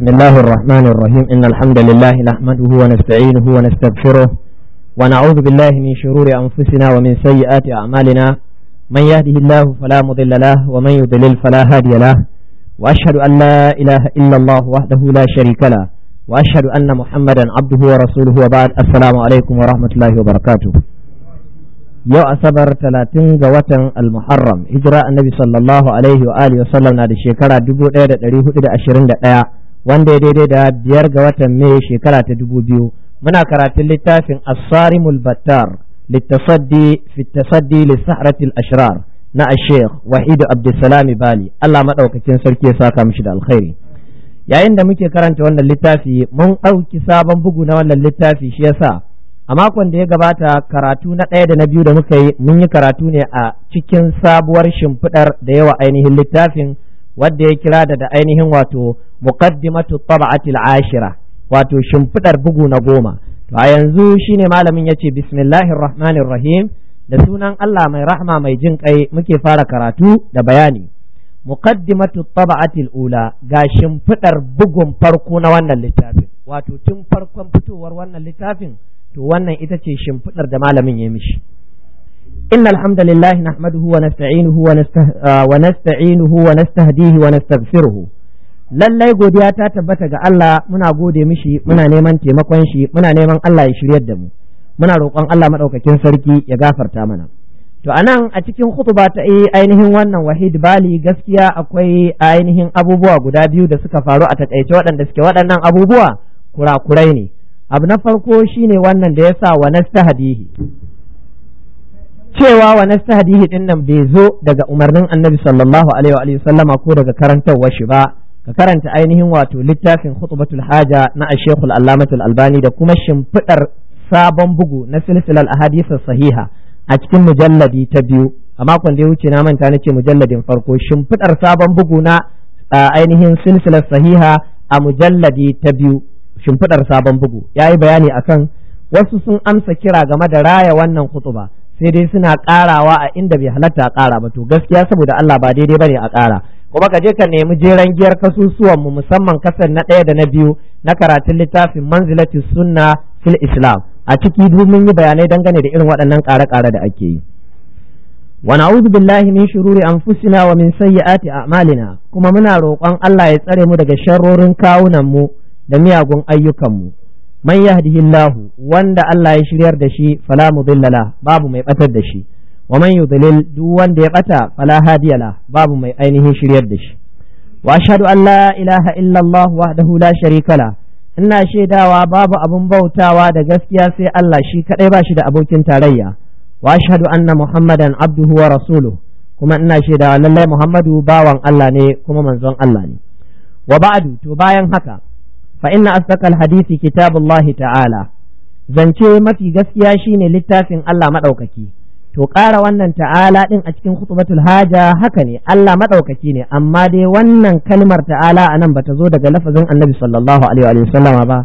بسم الله الرحمن الرحيم إن الحمد لله نحمده ونستعينه ونستغفره ونعوذ بالله من شرور أنفسنا ومن سيئات أعمالنا من يهده الله فلا مضل له ومن يضلل فلا هادي له وأشهد أن لا إله إلا الله وحده لا شريك له وأشهد أن محمدا عبده ورسوله وبعد السلام عليكم ورحمة الله وبركاته yau asabar talatin ga watan almuharram hijira annabi sallallahu alaihi wa alihi wasallam na da shekara dubu ɗaya da ɗari hudu da ashirin da ɗaya wanda ya daidai da biyar ga watan mai shekara ta dubu biyu muna karatun littafin asarimul battar littasaddi fitasaddi lissahratil ashrar na ashek wahidu abdulsalam bali allah maɗaukakin sarki ya saka mishi da alkhairi yayin da muke karanta wannan littafi mun ɗauki sabon bugu na wannan littafi shi yasa a makon da ya gabata karatu na ɗaya da na biyu da muka yi mun yi karatu ne a cikin sabuwar shimfiɗar da yawa ainihin littafin wadda ya kira da ainihin wato muqaddimatu tab'atil ashira wato shimfidar bugu na goma to a yanzu shine malamin yace bismillahir rahmanir rahim da sunan Allah mai rahma mai jin kai muke fara karatu da bayani muqaddimatu tab'atil ula ga shimfidar bugun farko na wannan littafin wato tun farkon fitowar wannan littafin to wannan ita ce shimfidar da malamin ya mishi إن الحمد لله نحمده ونستعينه ونسته... ونستعينه ونستهديه ونستغفره lallai godiya ta tabbata ga Allah muna gode mishi muna neman taimakon shi muna neman Allah ya shiryar da mu muna roƙon Allah maɗaukakin sarki ya gafarta mana to anan a cikin khutba ta ainihin wannan wahid bali gaskiya akwai ainihin abubuwa guda biyu da suka faru a takaice waɗanda suke waɗannan abubuwa kurakurai ne abu na farko shine wannan da ya sa wa nastahdihi cewa wani nasta hadihi din nan bai zo daga umarnin annabi sallallahu alaihi wa sallama ko daga karantarwa shi ba ka karanta ainihin wato littafin khutbatul haja na ashekul allamatul albani da kuma shimfidar sabon bugu na silsilar ahadisa sahiha a cikin mujalladi ta biyu a makon da ya wuce na manta na ce mujalladin farko shimfidar sabon bugu na ainihin silsilar sahiha a mujalladi ta biyu shimfidar sabon bugu ya yi bayani akan wasu sun amsa kira game da raya wannan khutuba sai dai suna karawa a inda bai halatta a kara ba to gaskiya saboda Allah ba daidai bane a kara kuma ka je ka nemi jeran giyar kasusuwan mu musamman kasan na ɗaya da na biyu na karatun littafin manzilati sunna fil islam a ciki domin yi bayanai dangane da irin waɗannan kare kare da ake yi wa na'udhu billahi min shururi anfusina wa min sayyiati a'malina kuma muna roƙon Allah ya tsare mu daga sharrorin kawunan mu da miyagun ayyukan mu man yahdihillahu wanda Allah ya shiryar da shi fala mudillala babu mai batar da shi wa man yudlil duk wanda ya bata fala hadiyala babu mai ainihin shiryar da shi wa ashhadu an la ilaha illa Allah wahdahu la sharika la ina shaidawa babu abun bautawa da gaskiya sai Allah shi kadai ba shi da abokin tarayya wa ashhadu anna muhammadan abduhu wa rasuluhu kuma ina shaidawa lallai muhammadu bawan Allah ne kuma manzon Allah ne wa ba'du to bayan haka فإن أصدق الحديث كتاب الله تعالى zance mafi gaskiya shine littafin Allah maɗaukaki to ƙara wannan ta'ala ɗin a cikin khutbatul haja haka ne Allah maɗaukaki ne amma dai wannan kalmar ta'ala a nan bata zo daga lafazin annabi sallallahu alaihi wa sallam ba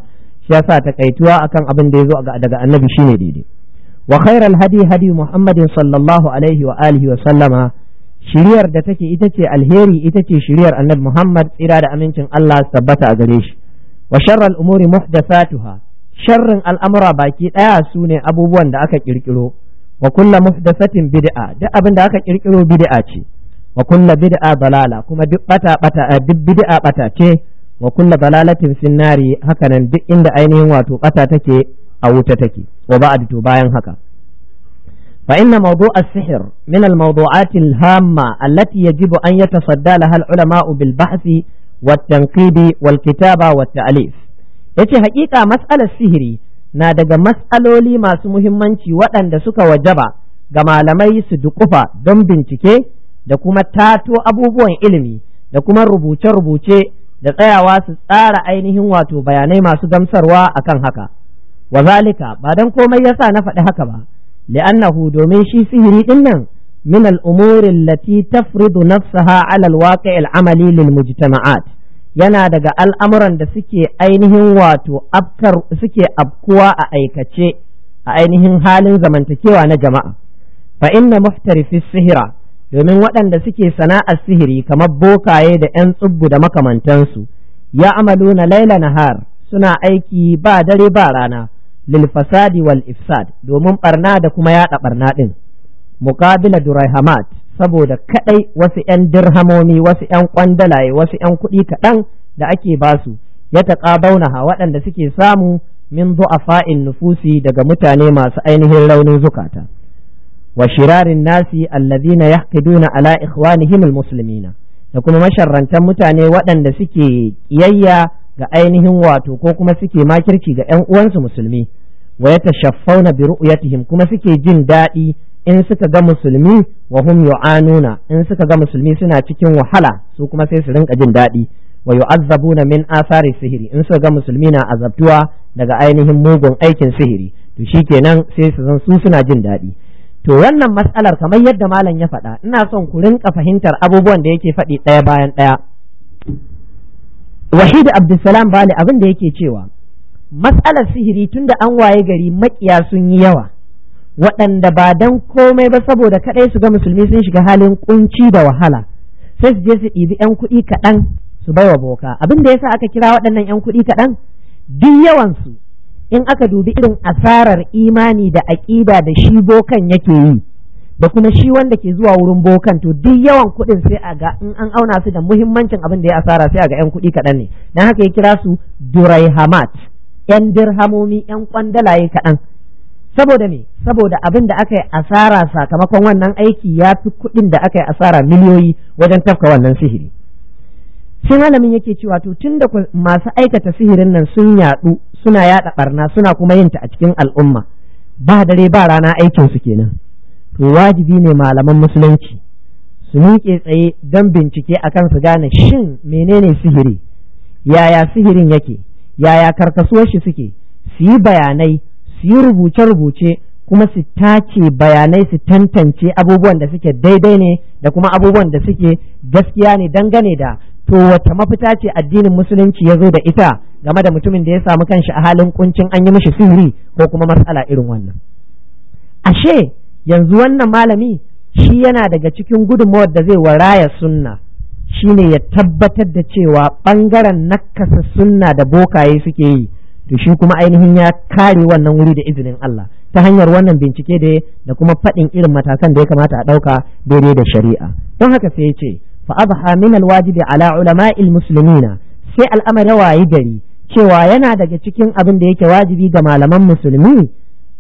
shi yasa takaituwa akan abin da ya zo daga annabi shine daidai wa khairal hadi hadi muhammadin sallallahu alaihi wa alihi wa sallama shiriyar da take ita ce alheri ita ce shiriyar annabi muhammad tsira da amincin Allah tabbata a gare shi wa sharral umuri muhdathatuha sharrin al'amura baki ɗaya su ne abubuwan da aka ƙirƙiro wa kulla muhdathatin bid'a duk abin da aka ƙirƙiro bid'a ce wa kulla bid'a balala kuma duk bata bata eh, duk bid'a bata ce wa kulla balalatin finnari hakanan duk inda ainihin wato bata take a wuta take wa ba'd to bayan haka fa inna mawdu' as-sihr min al-mawdu'at al-hamma allati yajibu an yatasadda laha al-ulama'u bil bahthi wa tanqidi wal kitaba wa ta'lif yace haƙiƙa mas'alar sihiri na daga mas'aloli masu muhimmanci waɗanda suka wajaba ga malamai su duƙufa don bincike da kuma tato abubuwan ilimi da kuma rubuce-rubuce da tsayawa su tsara ainihin wato bayanai masu gamsarwa akan haka wazalika ba dan komai yasa na faɗi haka ba li'annahu domin shi sihiri din من الأمور التي تفرض نفسها على الواقع العملي للمجتمعات yana daga al'amuran da suke ainihin wato abkar suke abkuwa a aikace a ainihin halin zamantakewa na jama'a fa inna muhtarifi sihira domin waɗanda suke sana'ar sihiri kamar bokaye da ‘yan tsubbu da makamantansu ya amalu na laila nahar suna aiki ba dare ba rana lil fasadi wal ifsad domin barna da kuma yaɗa barna ɗin muqabila hamad saboda kadai wasu yan dirhamomi wasu yan kwandalaye wasu yan kuɗi kaɗan da ake basu ya ha waɗanda suke samu min fa'in nufusi daga mutane masu ainihin raunin zukata wa shirarin nasi allazina yahqiduna ala ikhwanihim almuslimina da kuma masharrantan mutane waɗanda suke kiyayya ga ainihin wato ko kuma suke makirci ga ƴan uwansu musulmi wa yatashaffawna bi ru'yatihim kuma suke jin daɗi in suka ga musulmi wa hum yu'anuna in suka ga musulmi suna cikin wahala su kuma sai su rinka jin daɗi wa yu'azzabuna min asari sihiri in suka ga musulmi na azabtuwa daga ainihin mugun aikin sihiri to shikenan sai su zan su suna jin daɗi to wannan matsalar kamar yadda malam ya faɗa ina son ku rinka fahimtar abubuwan da yake faɗi ɗaya bayan ɗaya wahid abdulsalam Bali abin da yake cewa matsalar sihiri tunda an waye gari makiya sun yi yawa waɗanda ba dan komai ba saboda kaɗai su ga musulmi sun shiga halin kunci da wahala sai su je su ɗibi 'yan kuɗi kaɗan su bai wa boka abin da yasa aka kira waɗannan 'yan kuɗi kaɗan duk yawansu in aka dubi irin asarar imani da aƙida da shi bokan yake yi da kuma shi wanda ke zuwa wurin bokan to duk yawan kuɗin sai a ga in an auna su da muhimmancin abin da ya asara sai a ga 'yan kuɗi kaɗan ne don haka ya kira su hamat 'yan dirhamomi 'yan kwandalaye kaɗan saboda ne saboda abin da aka yi asara sakamakon wannan aiki ya fi kuɗin da aka yi asara miliyoyi wajen tafka wannan sihiri shin malamin yake cewa to tun da masu aikata sihirin nan sun yaɗu suna yaɗa ɓarna suna kuma yin ta a cikin al'umma ba dare ba rana aikin su kenan to wajibi ne malaman musulunci su miƙe tsaye don bincike akan su gane shin menene sihiri yaya sihirin yake yaya karkasuwar shi suke su yi bayanai su yi rubuce-rubuce kuma su tace bayanai su tantance abubuwan da suke daidai ne da kuma abubuwan da suke gaskiya ne dangane da to wata mafita ce addinin musulunci ya zo da ita game da mutumin da ya samu kanshi a halin kuncin an yi mishi sihiri ko kuma matsala irin wannan ashe yanzu wannan malami shi yana daga cikin gudunmawar da zai waraya sunna shine ya tabbatar da cewa ɓangaren nakasa sunna da bokaye suke yi to shi kuma ainihin ya kare wannan wuri da izinin Allah ta hanyar wannan bincike da da kuma faɗin irin matakan da ya kamata a ɗauka daidai da shari'a don haka sai ya ce fa abha min wajibi ala ulama'il muslimina sai al'amari wayi gari cewa yana daga cikin abin da yake wajibi ga malaman musulmi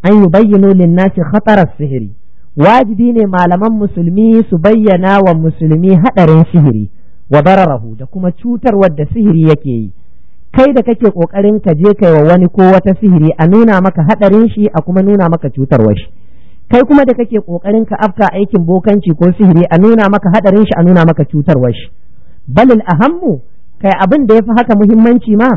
an yi bayyano linnasi khatarar sihiri wajibi ne malaman musulmi su bayyana wa musulmi haɗarin sihiri wa bararahu da kuma cutarwar da sihiri yake yi kai da kake kokarin ka je kai wa wani ko wata sihiri a nuna maka hadarin shi a kuma nuna maka cutarwa shi kai kuma da kake kokarin ka afka aikin bokanci ko sihiri a nuna maka hadarin shi a nuna maka cutarwa shi balil ahammu kai abin da yafi haka muhimmanci ma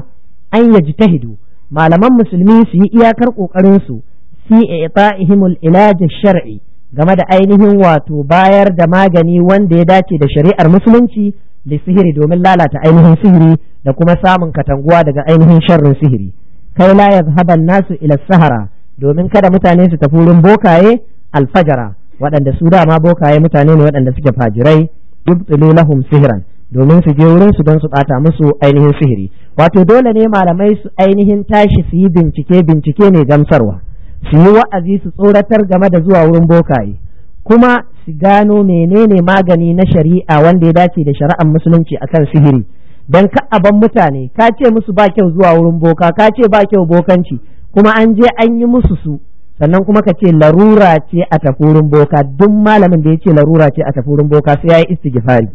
an yaji tahidu malaman musulmi su yi iyakar kokarin su fi ita'ihimul ilaj shar'i game da ainihin wato bayar da magani wanda ya dace da shari'ar musulunci da sihiri domin lalata ainihin sihiri da kuma samun katanguwa daga ainihin sharrin sihiri kai la yazhaban nasu ila sahara domin kada mutane su tafi wurin bokaye alfajara waɗanda su dama bokaye mutane ne waɗanda suke fajirai yubtilu lahum sihran domin su je wurin su don su bata musu ainihin sihiri wato dole ne malamai su ainihin tashi su yi bincike bincike ne gamsarwa su yi wa'azi su tsoratar game da zuwa wurin bokaye kuma su gano menene magani na shari'a wanda ya dace da shari'ar musulunci akan sihiri Don ka'aban mutane ka ce musu ba kyau zuwa wurin boka ka ce ba kyau bokanci kuma an je an yi musu su sannan kuma ka ce larura ce a tafi boka duk malamin da ya ce larura ce a tafi boka sai ya yi istighfari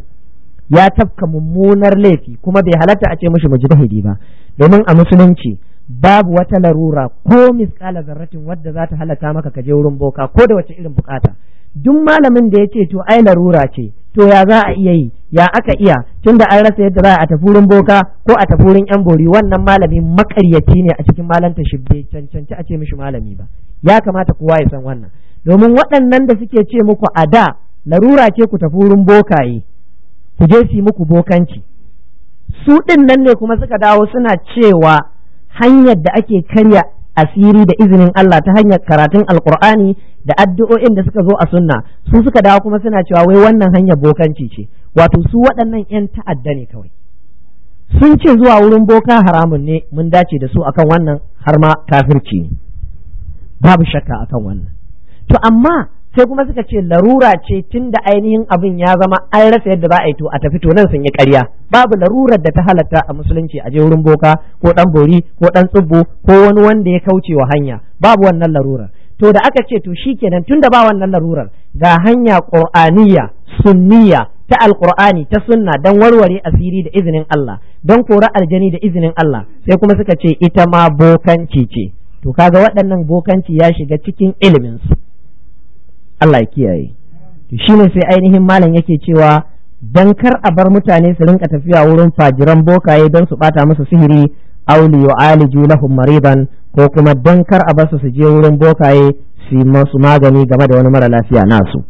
ya tafka mummunar laifi kuma bai halatta a ce mishi mujtahidi ba domin a musulunci babu wata larura ko misƙala zarratin wadda za ta halaka maka ka je wurin boka ko da wace irin bukata duk malamin da ya ce to ai larura ce to ya za a iya yi ya aka iya tun da an rasa yadda za a tafi wurin boka ko a tafi wurin yan bori wannan malami makaryaci ne a cikin malanta shi bai cancanci a ce mishi malami ba ya kamata kowa ya san wannan domin waɗannan da suke ce muku a da larura ce ku tafi wurin bokaye ku je su muku bokanci su ɗin nan ne kuma suka dawo suna cewa hanyar da ake karya asiri da izinin Allah ta hanyar karatun alkur'ani da addu'o'in da suka zo a sunna su suka dawo kuma suna cewa wai wannan hanyar bokanci ce wato su waɗannan 'yan ta'adda ne kawai sun ce zuwa wurin boka haramun ne mun dace da su akan wannan har ma kafirci ne babu shakka akan wannan to amma sai kuma suka ce larura ce tun da ainihin abin ya zama an rasa yadda za a yi to a tafi to nan sun yi ƙarya babu larurar da ta halatta a musulunci a je wurin boka ko dan bori ko dan tsubbo ko wani wanda ya kauce wa hanya babu wannan larurar to da aka ce to shikenan da ba wannan larurar ga hanya qur'aniyya sunniya ta alqur'ani ta sunna dan warware asiri da izinin Allah dan kora aljani da izinin Allah sai kuma suka ce ita ma bokanci ce to kaga waɗannan bokanci ya shiga cikin ilimin su Allah ya kiyaye shine sai ainihin malam yake cewa dan kar a bar mutane su rinka tafiya wurin fajiran bokaye don su bata musu sihiri auli wa aliju lahum mariban, ko kuma dan kar a basu su je wurin bokaye su masu magani game da wani mara lafiya nasu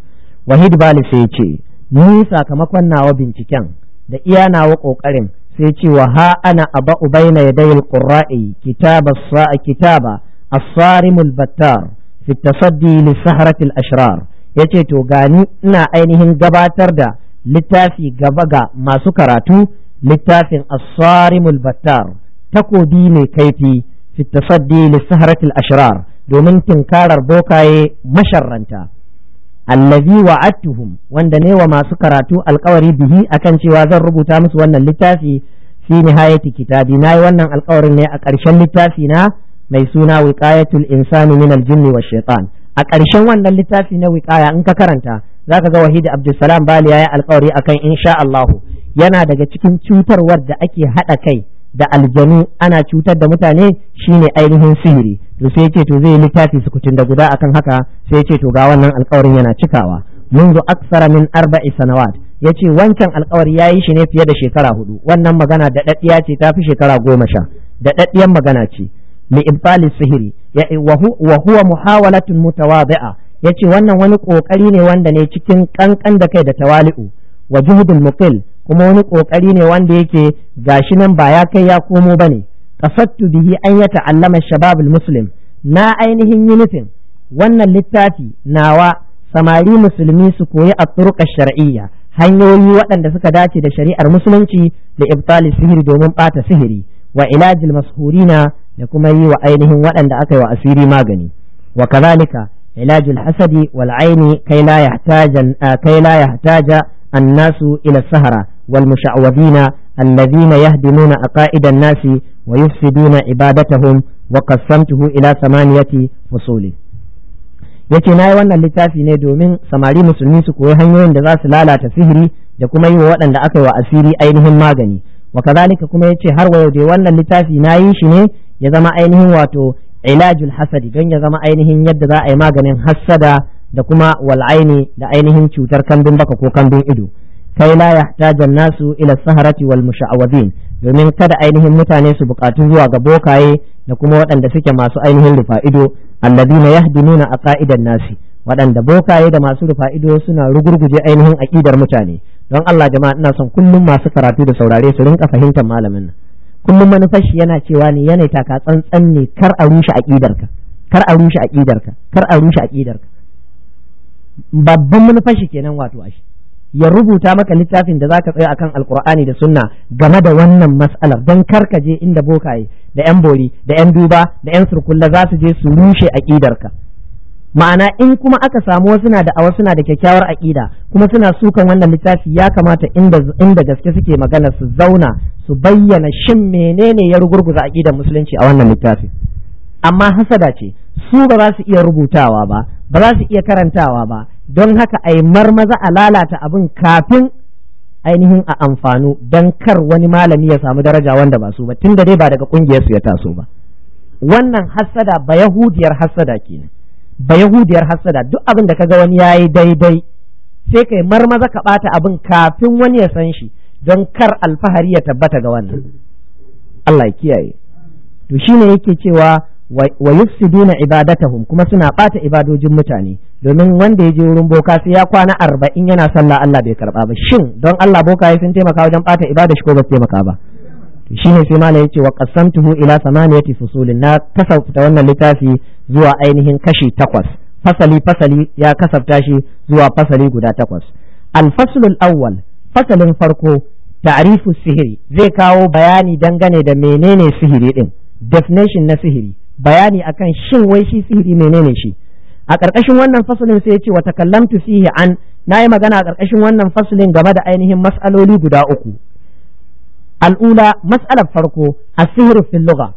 wahid bali sai ce ni sakamakon nawa binciken da iya nawa kokarin sai ce wa ha ana aba ubaina yadayil qurra'i kitaba sa'a kitaba as-sarimul battar fi tasaddi li saharatil ashrar yace to gani ina ainihin gabatar da littafi gaba ga masu karatu littafin as-sarimul battar takobi mai kaifi fi tasaddi li saharatil ashrar domin tinkarar bokaye masharranta allazi wa'adtuhum wanda ne wa masu karatu alkawari bihi akan cewa zan rubuta musu wannan littafi fi nihayati kitabi nayi wannan alkawarin ne a ƙarshen littafi na mai suna wiqayatul insani min aljinni wa shaitan a ƙarshen wannan littafi na wiqaya in ka karanta zaka ga wahidi abdulsalam bali yayi alƙawari akan insha Allah yana daga cikin cutarwar da ake haɗa kai da aljanu ana cutar da mutane shine ainihin sihiri to sai yace to zai littafi sukutun da guda akan haka sai yace to ga wannan alƙawarin yana cikawa منذ أكثر من أربع سنوات yace wancan alkawari ya yi shi ne fiye da shekara hudu wannan magana da ce ta fi shekara goma sha da magana ce li'ibali sihiri wa huwa muhawalatun mutawadi'a yace wannan wani kokari ne wanda ne cikin kankan da kai da tawali'u wa juhudul muqil kuma wani kokari ne wanda yake gashi nan ba ya kai ya komo bane qasadtu bihi an yata'allama shababul muslim na ainihin yi wannan littafi nawa samari musulmi su koyi a turka shar'iyya hanyoyi waɗanda suka dace da shari'ar musulunci da ibtali sihiri domin ɓata sihiri wa ilajil mashurina da kuma yi wa ainihin waɗanda aka yi wa asiri magani wa kazalika ilajul hasadi wal aini kai la yahtaja kai la annasu ila sahara wal musha'wadina alladhina yahdimuna a ka'idan nasi wa yufsiduna ibadatahum wa qassamtuhu ila samaniyati fusuli yace na yi wannan littafi ne domin samari musulmi su koyi hanyoyin da za su lalata sihiri da kuma yi wa waɗanda aka yi wa asiri ainihin magani wa kadhalika kuma yace har wa yau wannan littafi na yi shi ne ya zama ainihin wato ilajul hasadi don ya zama ainihin yadda za a yi maganin hasada da kuma wal'aini da ainihin cutar kambin baka ko kambin ido kai la yahtajan nasu ila saharati wal musha'awazin domin kada ainihin mutane su bukatu zuwa ga bokaye da kuma waɗanda suke masu ainihin rufa ido nuna a aqaidan nasi waɗanda bokaye da masu rufa ido suna rugurguje ainihin aƙidar mutane don Allah jama'a ina son kullum masu karatu da saurare su rinka fahimtar malamin nan kullum manufar yana cewa ne yana ka tsantsan ne kar a rushe aqidarka kar a rushe aqidarka kar a rushe aqidarka babban manufar shi kenan wato ashi ya rubuta maka littafin da zaka tsaya akan alkur'ani da sunna game da wannan mas'alar don kar ka je inda bokaye da yan bori da yan duba da yan surkulla za su je su rushe aqidarka ma'ana in kuma aka samu wasu na da wasu suna da kyakkyawar aƙida kuma suna sukan wannan littafi ya kamata inda inda gaske suke magana su zauna su bayyana shin menene ya rugurguza aƙidar musulunci a wannan littafi amma hasada ce su ba za su iya rubutawa ba ba za su iya karantawa ba don haka ai marmaza a lalata abin kafin ainihin a amfanu don kar wani malami ya samu daraja wanda ba su ba tunda dai ba daga kungiyarsu ya taso ba wannan hassada ba yahudiyar hassada kenan ba yahudiyar hassada duk abin da kaga wani yayi daidai sai kai marmaza ka bata abin kafin wani ya san shi don kar alfahari ya tabbata ga wannan Allah ya kiyaye to shine yake cewa wa yufsiduna ibadatahum kuma suna bata ibadojin mutane domin wanda ya je wurin boka sai ya kwana arba'in yana sallah Allah bai karba ba shin don Allah boka ya sun taimaka wajen bata ibada shi ko ba su taimaka ba shine sai ya ce wa qasamtuhu ila samaniyati fusulin na kasafta wannan littafi zuwa ainihin kashi takwas fasali fasali ya kasafta shi zuwa fasali guda takwas al-faslul awwal fasalin farko ta'rifu sihiri zai kawo bayani dangane da menene sihiri din definition na sihiri bayani akan shin wai shi sihiri menene shi a ƙarƙashin wannan fasalin sai ya ce wa takallamtu fihi an na yi magana a ƙarƙashin wannan fasalin game da ainihin mas'aloli guda uku al'ula mas'alar farko asihiru fil lugha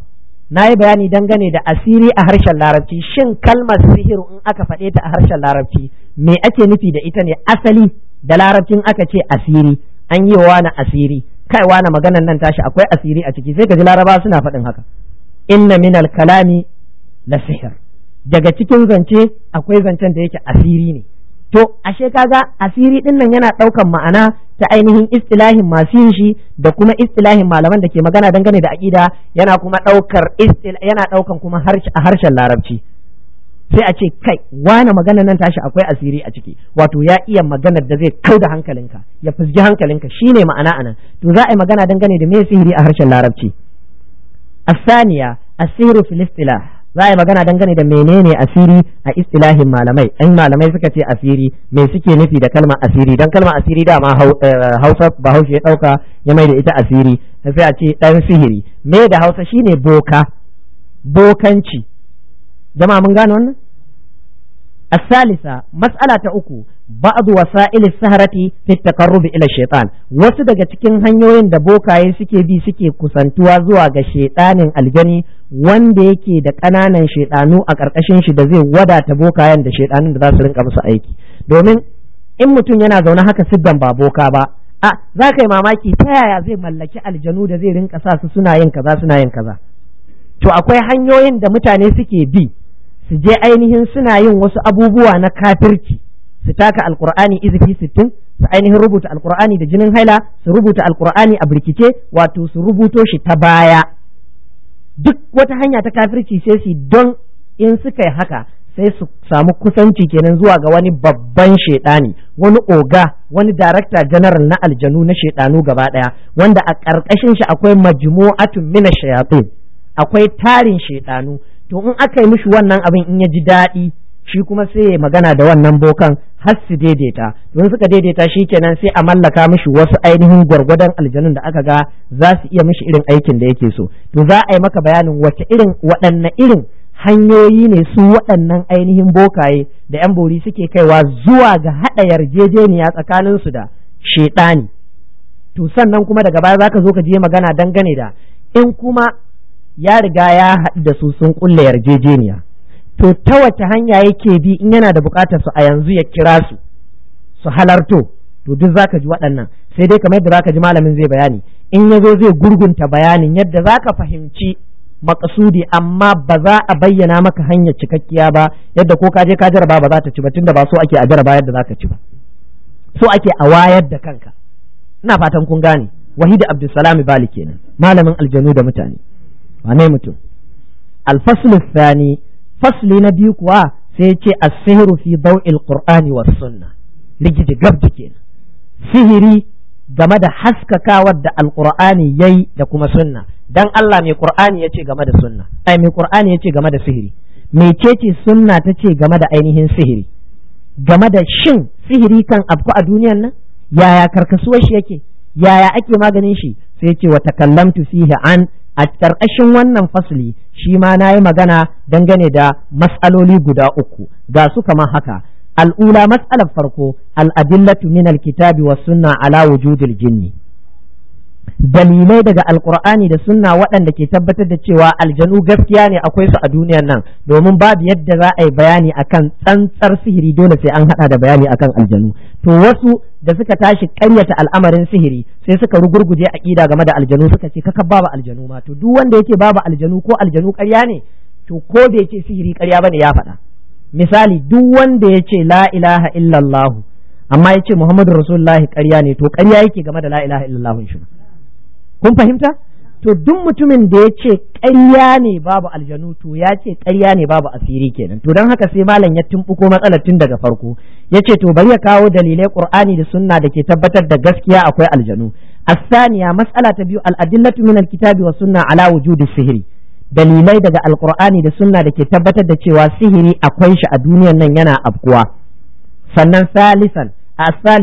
na yi bayani dangane da asiri a harshen larabci shin kalmar sihiru in aka faɗe ta a harshen larabci me ake nufi da ita ne asali da larabcin aka ce asiri an yi wa na asiri kai na maganan nan tashi akwai asiri a ciki sai kaji laraba suna faɗin haka inna min kalami la sihir daga cikin zance akwai zancen da yake asiri ne to ashe kaga asiri din nan yana ɗaukan ma'ana ta ainihin istilahin masu yin shi da kuma istilahin malaman da ke magana dangane da akida yana kuma yana ɗaukan kuma a harshen larabci sai a ce kai wani magana nan tashi akwai asiri a ciki wato ya iya maganar da zai kau da hankalinka ya fusgi hankalinka shine ma'ana anan to za a yi magana dangane da me sihiri a harshen larabci asaniya asiru fil za a yi magana dangane da menene asiri a istilahin malamai ɗan malamai suka ce asiri me suke nufi da kalma asiri don kalma asiri dama eh, hausa bahaushe ya ɗauka ya mai da ita asiri sai a ce ɗan sihiri me da hausa shine boka bokanci jama'a mun gane wannan الثالثة مسألة أكو بعض وسائل السهرة في التقرب إلى الشيطان wasu daga cikin hanyoyin da bokaye suke bi suke kusantuwa zuwa ga shaitanin aljani wanda yake da ƙananan shaitanu a ƙarƙashin shi da zai wadata bokayen da shaitanun da za su rinka musu aiki domin in mutum yana zaune haka sidan ba boka ba a za ka yi mamaki ta yaya zai mallaki aljanu da zai rinka sa su suna yin kaza suna yin kaza to akwai hanyoyin da mutane suke bi su je ainihin suna yin wasu abubuwa na kafirci su taka alkur'ani izifi sittin su ainihin rubuta alkur'ani da jinin haila su rubuta alkur'ani a birkice wato su rubuto shi ta baya duk wata hanya ta kafirci sai su don in suka yi haka sai su samu kusanci kenan zuwa ga wani babban shaidani wani oga wani darakta janaral na aljanu na shaidanu gaba daya wanda a ƙarƙashin shi akwai majmu'atun mina shayatin akwai tarin shaidanu to in aka yi mishi wannan abin in ya ji daɗi shi kuma sai ya magana da wannan bokan har su daidaita to in suka daidaita shi kenan sai a mallaka mishi wasu ainihin gwargwadon aljanun da aka ga za su iya mishi irin aikin da yake so to za a yi maka bayanin wace irin waɗanne irin hanyoyi ne su waɗannan ainihin bokaye da yan bori suke kaiwa zuwa ga haɗa yarjejeniya tsakanin su da shaiɗani to sannan kuma daga baya zaka zo ka je magana dangane da in kuma ya riga ya haɗu da su sun kulle yarjejeniya to ta wace hanya yake bi in yana da buƙatar su a yanzu ya kira su su halarto to duk zaka ji waɗannan sai dai kamar yadda zaka ji malamin zai bayani in ya zo zai gurgunta bayanin yadda zaka fahimci makasudi amma ba za a bayyana maka hanyar cikakkiya ba yadda ko ka je ka jaraba ba za ta ci ba tunda ba so ake a jaraba yadda zaka ci ba so ake a wayar da kanka ina fatan kun gane wahidi abdulsalami bali kenan malamin aljanu da mutane wane mutum alfaslu sani fasli na biyu kuwa sai ce asihiru fi daw'il qur'ani was sunna rigidi gab kenan sihiri game da haskakawar da alqur'ani yayi da kuma sunna dan Allah mai qur'ani yace game da sunna ai mai qur'ani yace game da sihiri ceci sunna ta ce game da ainihin sihiri game da shin sihiri kan abu a duniyan nan yaya karkasuwar shi yake yaya ake maganin shi sai ce wa takallamtu fihi an a ƙarƙashin wannan fasli shi ma na yi magana dangane da matsaloli guda uku ga su kamar haka al'ula matsalar farko al'adillatu min alkitabi wa sunna ala wujudil jinni dalilai daga alkur'ani da sunna waɗanda ke tabbatar da cewa aljanu gaskiya ne akwai su a duniyar nan domin babu yadda za a yi bayani akan tsantsar sihiri dole sai an haɗa da bayani akan aljanu to wasu da suka tashi karyata al'amarin sihiri sai suka rugurguje a ƙida game da aljanu suka ce kaka babu aljanu ma to duk wanda yake babu aljanu ko aljanu karya ne to ko bai ce sihiri ƙarya bane ya faɗa misali duk wanda ya ce la ilaha illallah amma ya ce muhammadu rasulullahi ƙarya ne to ƙarya yake game da la ilaha illallah shi kun fahimta to duk mutumin da ya ce ƙarya ne babu aljanu to ya ce ƙarya ne babu asiri kenan to don haka sai malam ya tumbuko matsalar tun daga farko ya ce to bari ya kawo dalilai qur'ani da sunna da ke tabbatar da gaskiya akwai aljanu الثانية مسألة بيو الأدلة kitabi wa sunna ala wujudi sihiri dalilai daga alkur'ani da sunna da ke tabbatar da cewa sihiri akwai shi a duniyar nan yana afkuwa sannan salisan ta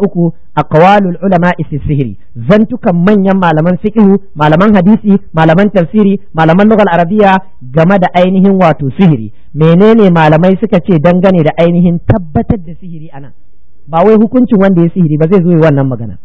uku أكو أقوال العلماء في sihiri. Zantukan manyan malaman مالما malaman hadisi, malaman tafsiri, malaman مالما arabiya game da ainihin wato sihiri. menene malamai suka ce dangane da ainihin tabbatar da sihiri ana ba wai hukuncin wanda ya sihiri ba zai zo wannan magana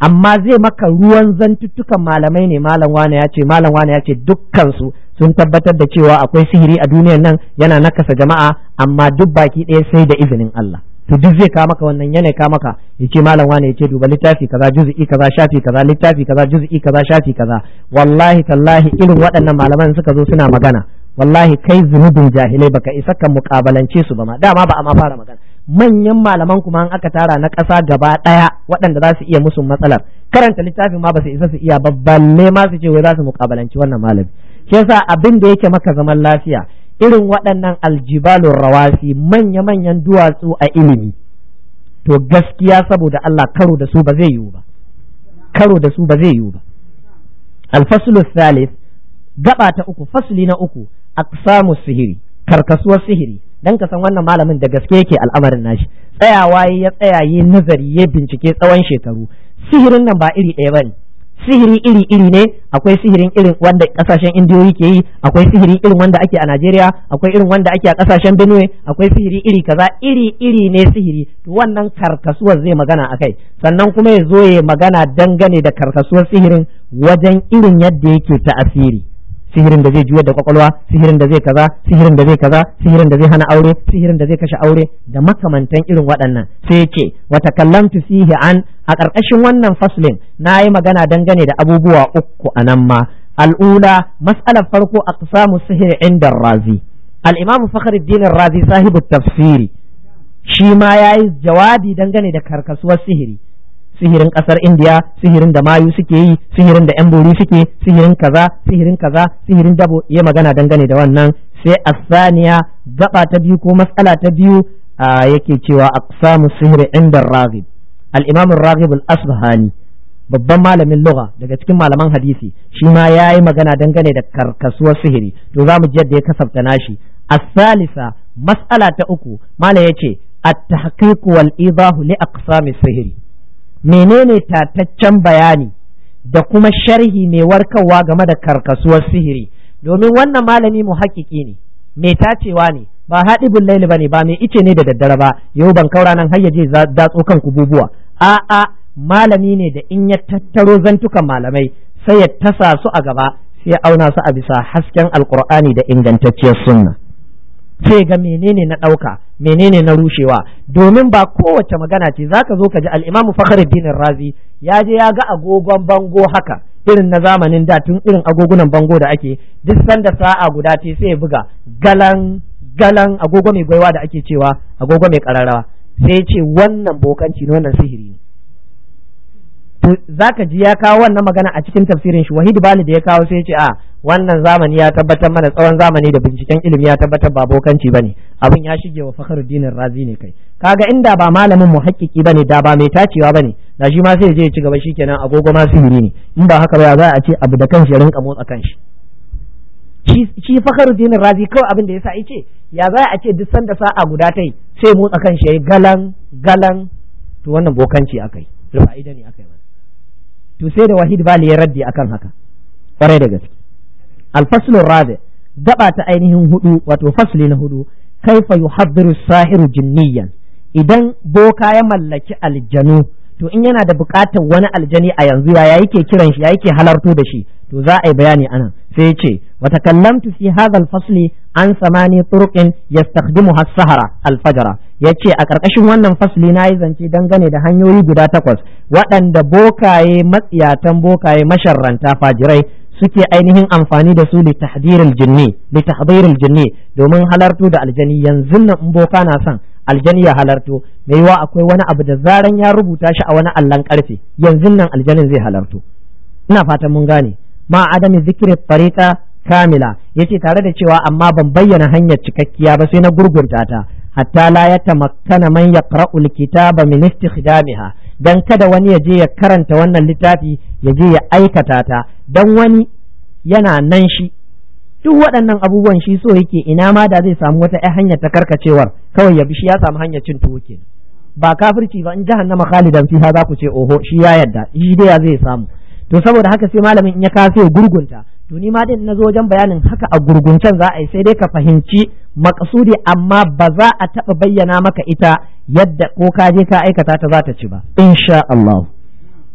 amma zai maka ruwan zantuttukan malamai ne malam wani ya ce malam ya ce dukkan su sun tabbatar da cewa akwai sihiri a duniyar nan yana nakasa jama'a amma duk baki ɗaya sai da izinin Allah to duk zai ka maka wannan yana ka maka yace malam wani yace duba littafi kaza juz'i kaza shafi kaza littafi kaza juz'i kaza shafi kaza wallahi tallahi irin waɗannan malaman suka zo suna magana wallahi kai zunubin jahilai baka isa kan mukabalance su ba ma dama ba a ma fara magana manyan malaman kuma an aka tara na ƙasa gaba ɗaya waɗanda za su iya musu matsalar karanta littafin ma ba su isa su iya ba balle ma su ce wai za su mukabalanci wannan malami shi yasa abin da yake maka zaman lafiya irin waɗannan aljibalun rawasi manya-manyan duwatsu a ilimi to gaskiya saboda Allah karo da su ba zai yiwu ba karo da su ba zai yiwu ba alfaslu thalith gaba ta uku fasuli na uku aqsamu sihiri karkasuwar sihiri dan ka san wannan malamin da gaske yake al'amarin nashi tsayawa ya tsaya yi nazari ya bincike tsawon shekaru sihirin nan ba iri ɗaya bane sihiri iri iri ne akwai sihirin irin wanda kasashen indiyoyi ke yi akwai sihiri irin wanda ake a Najeriya akwai irin wanda ake a kasashen Benue akwai sihiri iri kaza iri iri ne sihiri to wannan karkasuwar zai magana akai sannan kuma ya zo ya magana dangane da karkasuwar sihirin wajen irin yadda yake ta asiri sihirin da zai juyar da kwakwalwa sihirin da zai kaza sihirin da zai kaza sihirin da zai hana aure sihirin da zai kashe aure da makamantan irin waɗannan sai yake wata kallon fihi an a ƙarƙashin wannan faslin na yi magana dangane da abubuwa uku a nan ma al'ula mas'alar farko a samu sihiri inda razi al'imamu dinar razi sahibu tafsiri shi ma ya yi jawabi dangane da karkasuwar sihiri sihirin kasar indiya sihirin da mayu suke yi sihirin da yan bori suke sihirin kaza sihirin kaza sihirin dabo ya magana dangane da wannan sai asaniya zaba ta biyu ko matsala ta biyu yake cewa aqsamu sihri inda raghib al-imam raghib al-asbahani babban malamin lugha daga cikin malaman hadisi shi ma yayi magana dangane da karkasuwar sihiri to zamu ji yadda ya kasafta nashi a salisa mas'ala ta uku malam yace at-tahqiq wal idahu li aqsami sihri menene tataccen bayani da kuma sharhi mai warkarwa game da karkasuwar sihiri domin wannan malami mu haƙiƙi ne mai tacewa ne ba haɗibin laili ba ne ba mai ice ne da daddare ba yau ban kaura nan har yaje datso kan kububuwa a'a malami ne da in ya tattaro zantukan malamai sai ya tasa su a gaba sai ya auna su a bisa hasken alkur'ani da ingantacciyar sunna Cega ga menene na ɗauka menene na rushewa domin ba kowace magana ce zaka zo ka ji alimamu imam Fakhruddin Razi ya je ya ga agogon bango haka irin na zamanin da tun irin agogunan bango da ake duk sanda sa'a guda ce sai ya buga galan galan agogo mai gwaiwa da ake cewa agogo mai kararrawa sai ce wannan bokanci ne wannan sihiri ne zaka ji ya kawo wannan magana a cikin tafsirin shi Wahid Bali da ya kawo sai ya ce a wannan zamani ya tabbatar mana tsawon zamani da binciken ilimi ya tabbatar ba bokanci bane abin ya shige wa dinin razi ne kai kaga inda ba malamin mu haƙiƙi bane da ba mai tacewa bane da shi ma sai je ya ci gaba shikenan agogo ma sihiri ne in ba haka ba za a ce abu da kanshi ya rinka motsa kanshi shi fakhruddin razi kawai abin da ya yasa ice ya za a ce duk sanda sa'a guda ta yi sai motsa kanshi yi galan galan to wannan bokanci akai rufa'ida ne akai to sai da wahid bali ya raddi akan haka kwarai da gaske alfaslun rabi gaba ta ainihin hudu wato fasli na hudu kaifa yuhaddiru sahiru jinniyan idan boka ya mallaki aljanu to in yana da bukatar wani aljani a yanzu ya yake kiran shi ya yake halarto da shi to za a yi bayani anan sai ce wa takallamtu fi hadha fasli an samani turuqin yastakhdimuha as-sahara al-fajra yace a karkashin wannan fasli na yi zance dangane da hanyoyi guda takwas waɗanda bokaye matsiyatan bokaye masharranta fajirai suke ainihin amfani da su li tahdiril jinni li jinni domin halartu da aljani yanzu nan in boka na son aljani ya halarto mai yiwa akwai wani abu da zaran ya rubuta shi a wani allan karfe yanzu nan aljanin zai halarto ina fatan mun gane ma adami zikri tariqa kamila yace tare da cewa amma ban bayyana hanyar cikakkiya ba sai na gurgunta ta hatta la yatamakkana man yaqra'ul kitaba min istikhdamiha dan kada wani ya je ya karanta wannan littafi ya je ya aikata ta dan wani yana nan shi duk waɗannan abubuwan shi so yake ina ma da zai samu wata ƴan hanyar ta karkacewar kawai ya bi shi ya samu hanyar cin tuwo ke ba kafirci ba in jahannama khalidan fiha za ku ce oho shi ya yadda shi dai zai samu to saboda haka sai malamin in ya kafe gurgunta to ni ma din nazo wajen bayanin haka a gurguncan za a yi sai dai ka fahimci makasudi amma ba za a taba bayyana maka ita yadda ko ka je ka aikata ta za ta ci ba insha Allah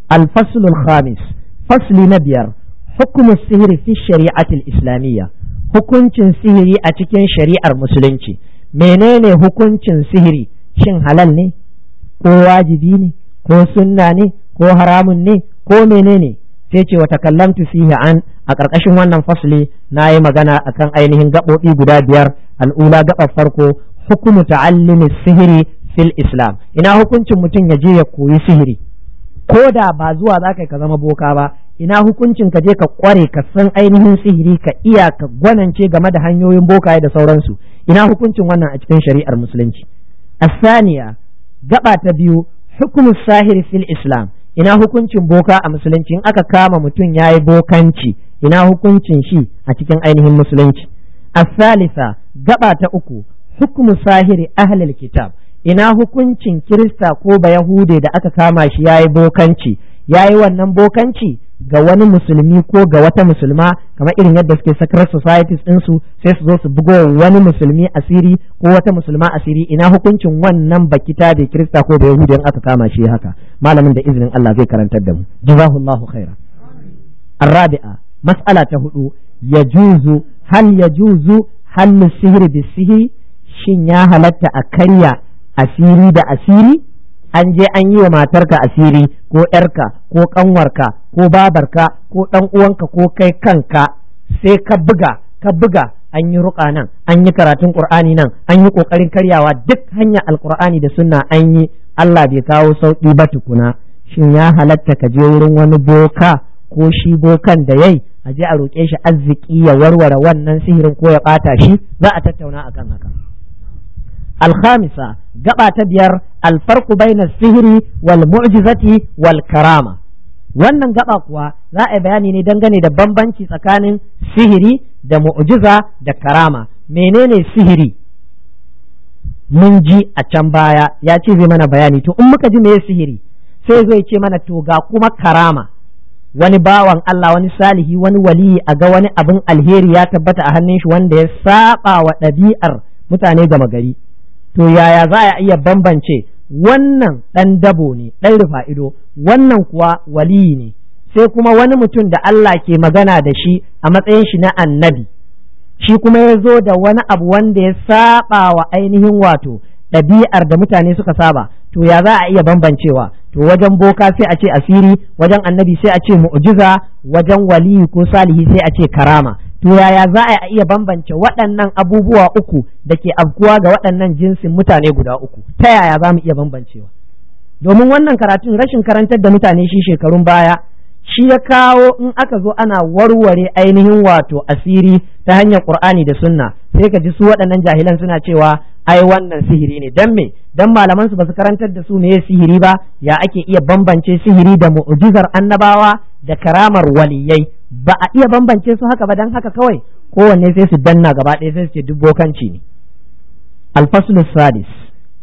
al-fasl khamis fasli na biyar hukumus sihiri fi shari'atil islamiyya hukuncin sihiri a cikin shari'ar musulunci menene hukuncin sihiri shin halal ne ko wajibi ne ko sunna ne ko haramun ne ko menene sai ce wa kallon fihi an a ƙarƙashin wannan fasli na yi magana akan ainihin gaɓoɓi guda biyar al'ula gaɓar farko hukumu ta'allimi sihiri fil islam ina hukuncin mutum ya je ya koyi sihiri ko da ba zuwa za ka zama boka ba ina hukuncin ka je ka kware ka san ainihin sihiri ka iya ka gwanance game da hanyoyin bokaye da sauransu ina hukuncin wannan a cikin shari'ar musulunci asaniya gaba ta biyu hukumus sahiri fil islam ina hukuncin boka a musulunci in aka kama mutum yayi bokanci ina hukuncin shi a cikin ainihin musulunci asalisa gaba ta uku hukumu sahiri ahlul kitab ina hukuncin kirista ko ba yahude da aka kama shi yayi bokanci yayi wannan bokanci ga wani musulmi ko ga wata musulma kamar irin yadda suke secret societies ɗinsu sai su zo su bugo wani musulmi asiri ko wata musulma asiri ina hukuncin wannan bakita da kirista ko da yahudiyan aka kama shi haka malamin da izinin Allah zai karantar da mu jazahullahu khaira arabi'a mas'ala ta hudu yajuzu hal yajuzu hal sihri sihiri shin ya halatta a karya asiri da asiri an je an yi wa matarka asiri ko ƴarka ko ƙanwarka ko babarka ko ɗan uwanka ko kai kanka sai ka buga ka buga an yi ruƙa nan an yi karatun ƙur'ani nan an yi ƙoƙarin karyawa duk hanya alƙur'ani da sunna an yi Allah bai kawo sauƙi ba tukuna shin ya halatta ka je wurin wani boka ko shi bokan da yai a je a roƙe shi arziki ya warware wannan sihirin ko ya ɓata shi za a tattauna akan haka alhamisa gaba ta biyar alfarku بين sihiri wal mu'jizati wal karama wannan gaba kuwa za a bayani ne dangane da bambanci tsakanin sihiri da mu'jiza da karama menene sihiri mun ji a can baya ya ce zai mana bayani to in muka ji me sihiri sai zai ce mana to ga kuma karama wani bawan Allah wani salihi wani waliyi a ga wani abin alheri ya tabbata a hannun shi wanda ya saba wa ɗabi'ar mutane gama gari to yaya za a iya bambance wannan ɗan dabo ne ɗan rufa ido wannan kuwa waliyi ne sai kuma wani mutum da Allah ke magana da shi a matsayin shi na annabi shi kuma ya zo da wani abu wanda ya saba wa ainihin wato ɗabi'ar da mutane suka saba to ya za a iya bambancewa to wajen boka sai a ce asiri wajen annabi sai a ce mu'jiza wajen waliyi ko salihi sai a ce karama to yaya za a iya bambance waɗannan abubuwa uku da ke afkuwa ga waɗannan jinsin mutane guda uku ta yaya za mu iya bambancewa domin wannan karatun rashin karantar da mutane shi shekarun baya shi ya kawo in aka zo ana warware ainihin wato asiri ta hanyar qur'ani da sunna sai ka ji su waɗannan jahilan suna cewa ai wannan sihiri ne dan me dan malaman su basu karantar da su meye sihiri ba ya ake iya bambance sihiri da mu'jizar annabawa da karamar waliyai ba a iya bambance su haka ba dan haka kawai kowanne sai su danna gaba ɗaya sai su ce dubbokanci ne alfaslu sadis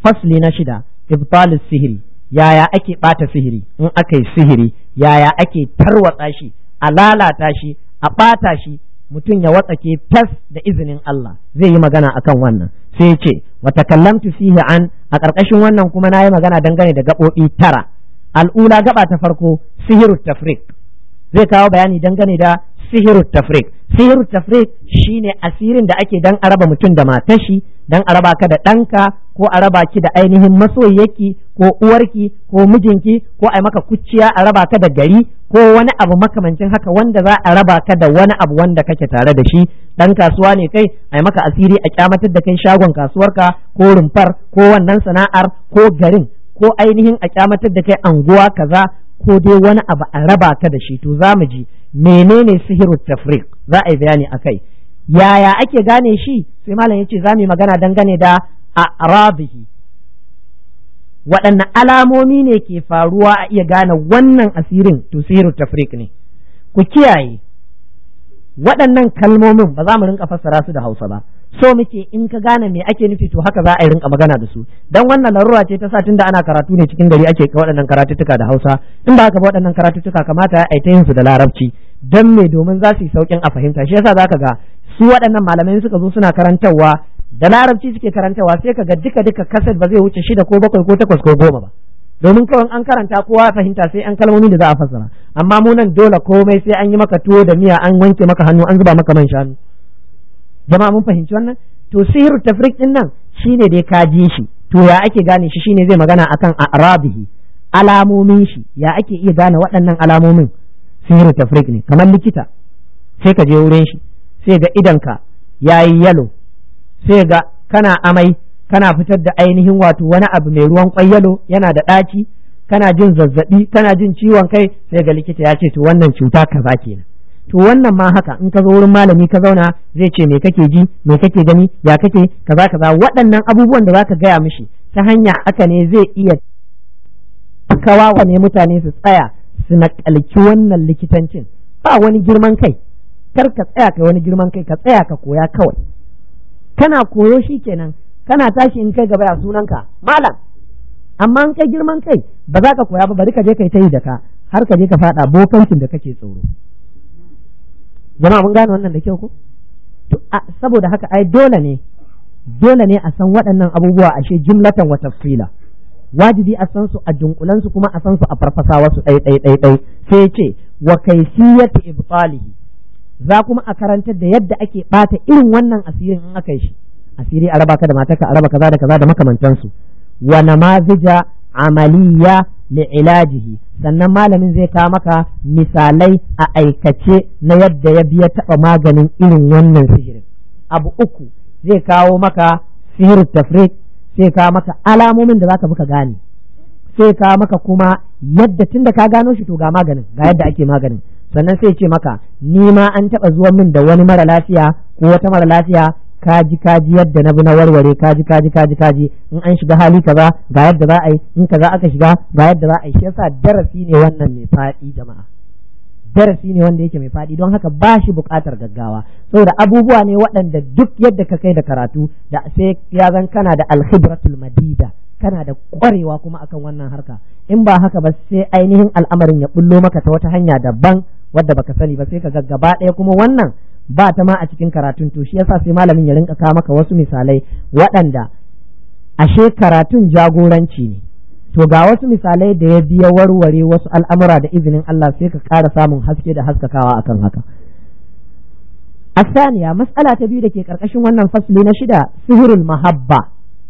fasli na shida ibtalu sihiri yaya ake ɓata sihiri in aka yi sihiri yaya ake tarwatsa shi a lalata shi a ɓata shi mutum ya watsake tas da izinin Allah zai yi magana akan wannan sai ya ce wa takallamtu fihi an a ƙarƙashin wannan kuma na yi magana dangane da gaɓoɓi tara al'ula gaba ta farko sihiru tafrik zai kawo bayani dangane da sihiru tafrik sihiru tafrik shine asirin da ake dan araba mutum da matashi dan araba ka da ɗanka ko araba ki da ainihin masoyyaki ko uwarki ko mijinki ko ai maka kuciya a raba ka da gari ko wani abu makamancin haka wanda za a raba ka da wani abu wanda kake tare da shi dan kasuwa ne kai ai maka asiri a kyamatar da kai shagon kasuwarka ko rumfar ko wannan sana'ar ko garin ko ainihin a kyamatar da kai anguwa kaza ko dai wani abu a raba ka da shi to za mu ji menene sihiru tafriq za a yi bayani akai yaya ake gane shi sai malam yace za mu yi magana dangane da a'rabihi waɗanne alamomi ne ke faruwa a iya gane wannan asirin to sihiru tafriq ne ku kiyaye waɗannan kalmomin ba za mu rinka fassara su da Hausa ba so muke in ka gane me ake nufi to haka za a yi rinka magana da su dan wannan larura ce ta sa tunda ana karatu ne cikin gari ake waɗannan karatuttuka da Hausa in ba haka ba waɗannan karatuttuka kamata a yi ta yin su da Larabci dan me domin za su yi saukin a fahimta shi yasa zaka ga su waɗannan malamai suka zo suna karantarwa da larabci suke karantawa sai ka ga duka duka kaset ba zai wuce shida ko bakwai ko takwas ko goma ba domin kawai an karanta kowa fahimta sai an kalmomi da za a fassara amma mu nan dole komai sai an yi maka tuwo da miya an wanke maka hannu an zuba maka man shanu jama'a mun fahimci wannan to sihiru tafrik din nan shine dai ka ji shi to ya ake gane shi shine zai magana akan arabihi alamomin shi ya ake iya gane waɗannan alamomin sihiru tafrik ne kamar likita sai ka je wurin shi sai ga idanka yayi yalo sai ga kana amai kana fitar da ainihin wato wani abu mai ruwan kwai yalo yana da ɗaci kana jin zazzabi kana jin ciwon kai sai ga likita ya ce to wannan cuta kaza kenan to wannan ma haka in ka zo wurin malami ka zauna zai ce me kake ji me kake gani ya kake kaza kaza waɗannan abubuwan da za ka gaya mishi ta hanya aka ne zai iya kawawa ne mutane su tsaya su naƙalki wannan likitancin ba wani girman kai kar ka tsaya kai wani girman kai ka tsaya ka koya kawai kana koyo shi kenan kana tashi in kai gaba ya sunanka malam amma in kai girman kai ba za ka koya ba bari ka je kai ta yi da ka har ka je ka faɗa bokancin da kake tsoro jama'a mun gane wannan da kyau ko to saboda haka ai dole ne dole ne a san waɗannan abubuwa ashe jumlatan wa tafsila wajibi a san su a dunkulan su kuma a san su a farfasa wasu ɗai ɗai ɗai ɗai sai ce wa kaifiyatu ibtalihi za kuma a karantar da yadda ake bata irin wannan asirin in aka yi shi asiri araba raba ka da mataka a kaza da kaza da makamantansu wa namazija amaliya li'ilajihi sannan malamin zai kawo maka misalai a aikace na yadda ya biya taɓa maganin irin wannan sihirin abu uku zai kawo maka sihir tafrik sai kawo maka alamomin da zaka buka gane sai kawo maka kuma yadda tunda ka gano shi to ga maganin ga yadda ake maganin sannan sai ce maka ni ma an taɓa zuwa min da wani mara lafiya ko wata mara lafiya kaji kaji yadda na bi na warware kaji kaji kaji kaji in an shiga hali kaza ga yadda za a yi in kaza aka shiga ga yadda za a yi shi yasa darasi ne wannan mai faɗi jama'a darasi ne wanda yake mai faɗi don haka ba shi buƙatar gaggawa saboda abubuwa ne waɗanda duk yadda ka kai da karatu da sai ya zan kana da alkhibratul madida kana da ƙwarewa kuma akan wannan harka in ba haka ba sai ainihin al'amarin ya bullo maka ta wata hanya daban wadda baka sani ba sai ka ga gaba ɗaya kuma wannan ba ta ma a cikin karatun to shi yasa sai malamin ya rinka kawo maka wasu misalai waɗanda ashe karatun jagoranci ne to ga wasu misalai da ya biya warware wasu al'amura da izinin Allah sai ka ƙara samun haske da haskakawa akan haka asaniya matsala ta biyu da ke ƙarƙashin wannan fasli na shida sihirul mahabba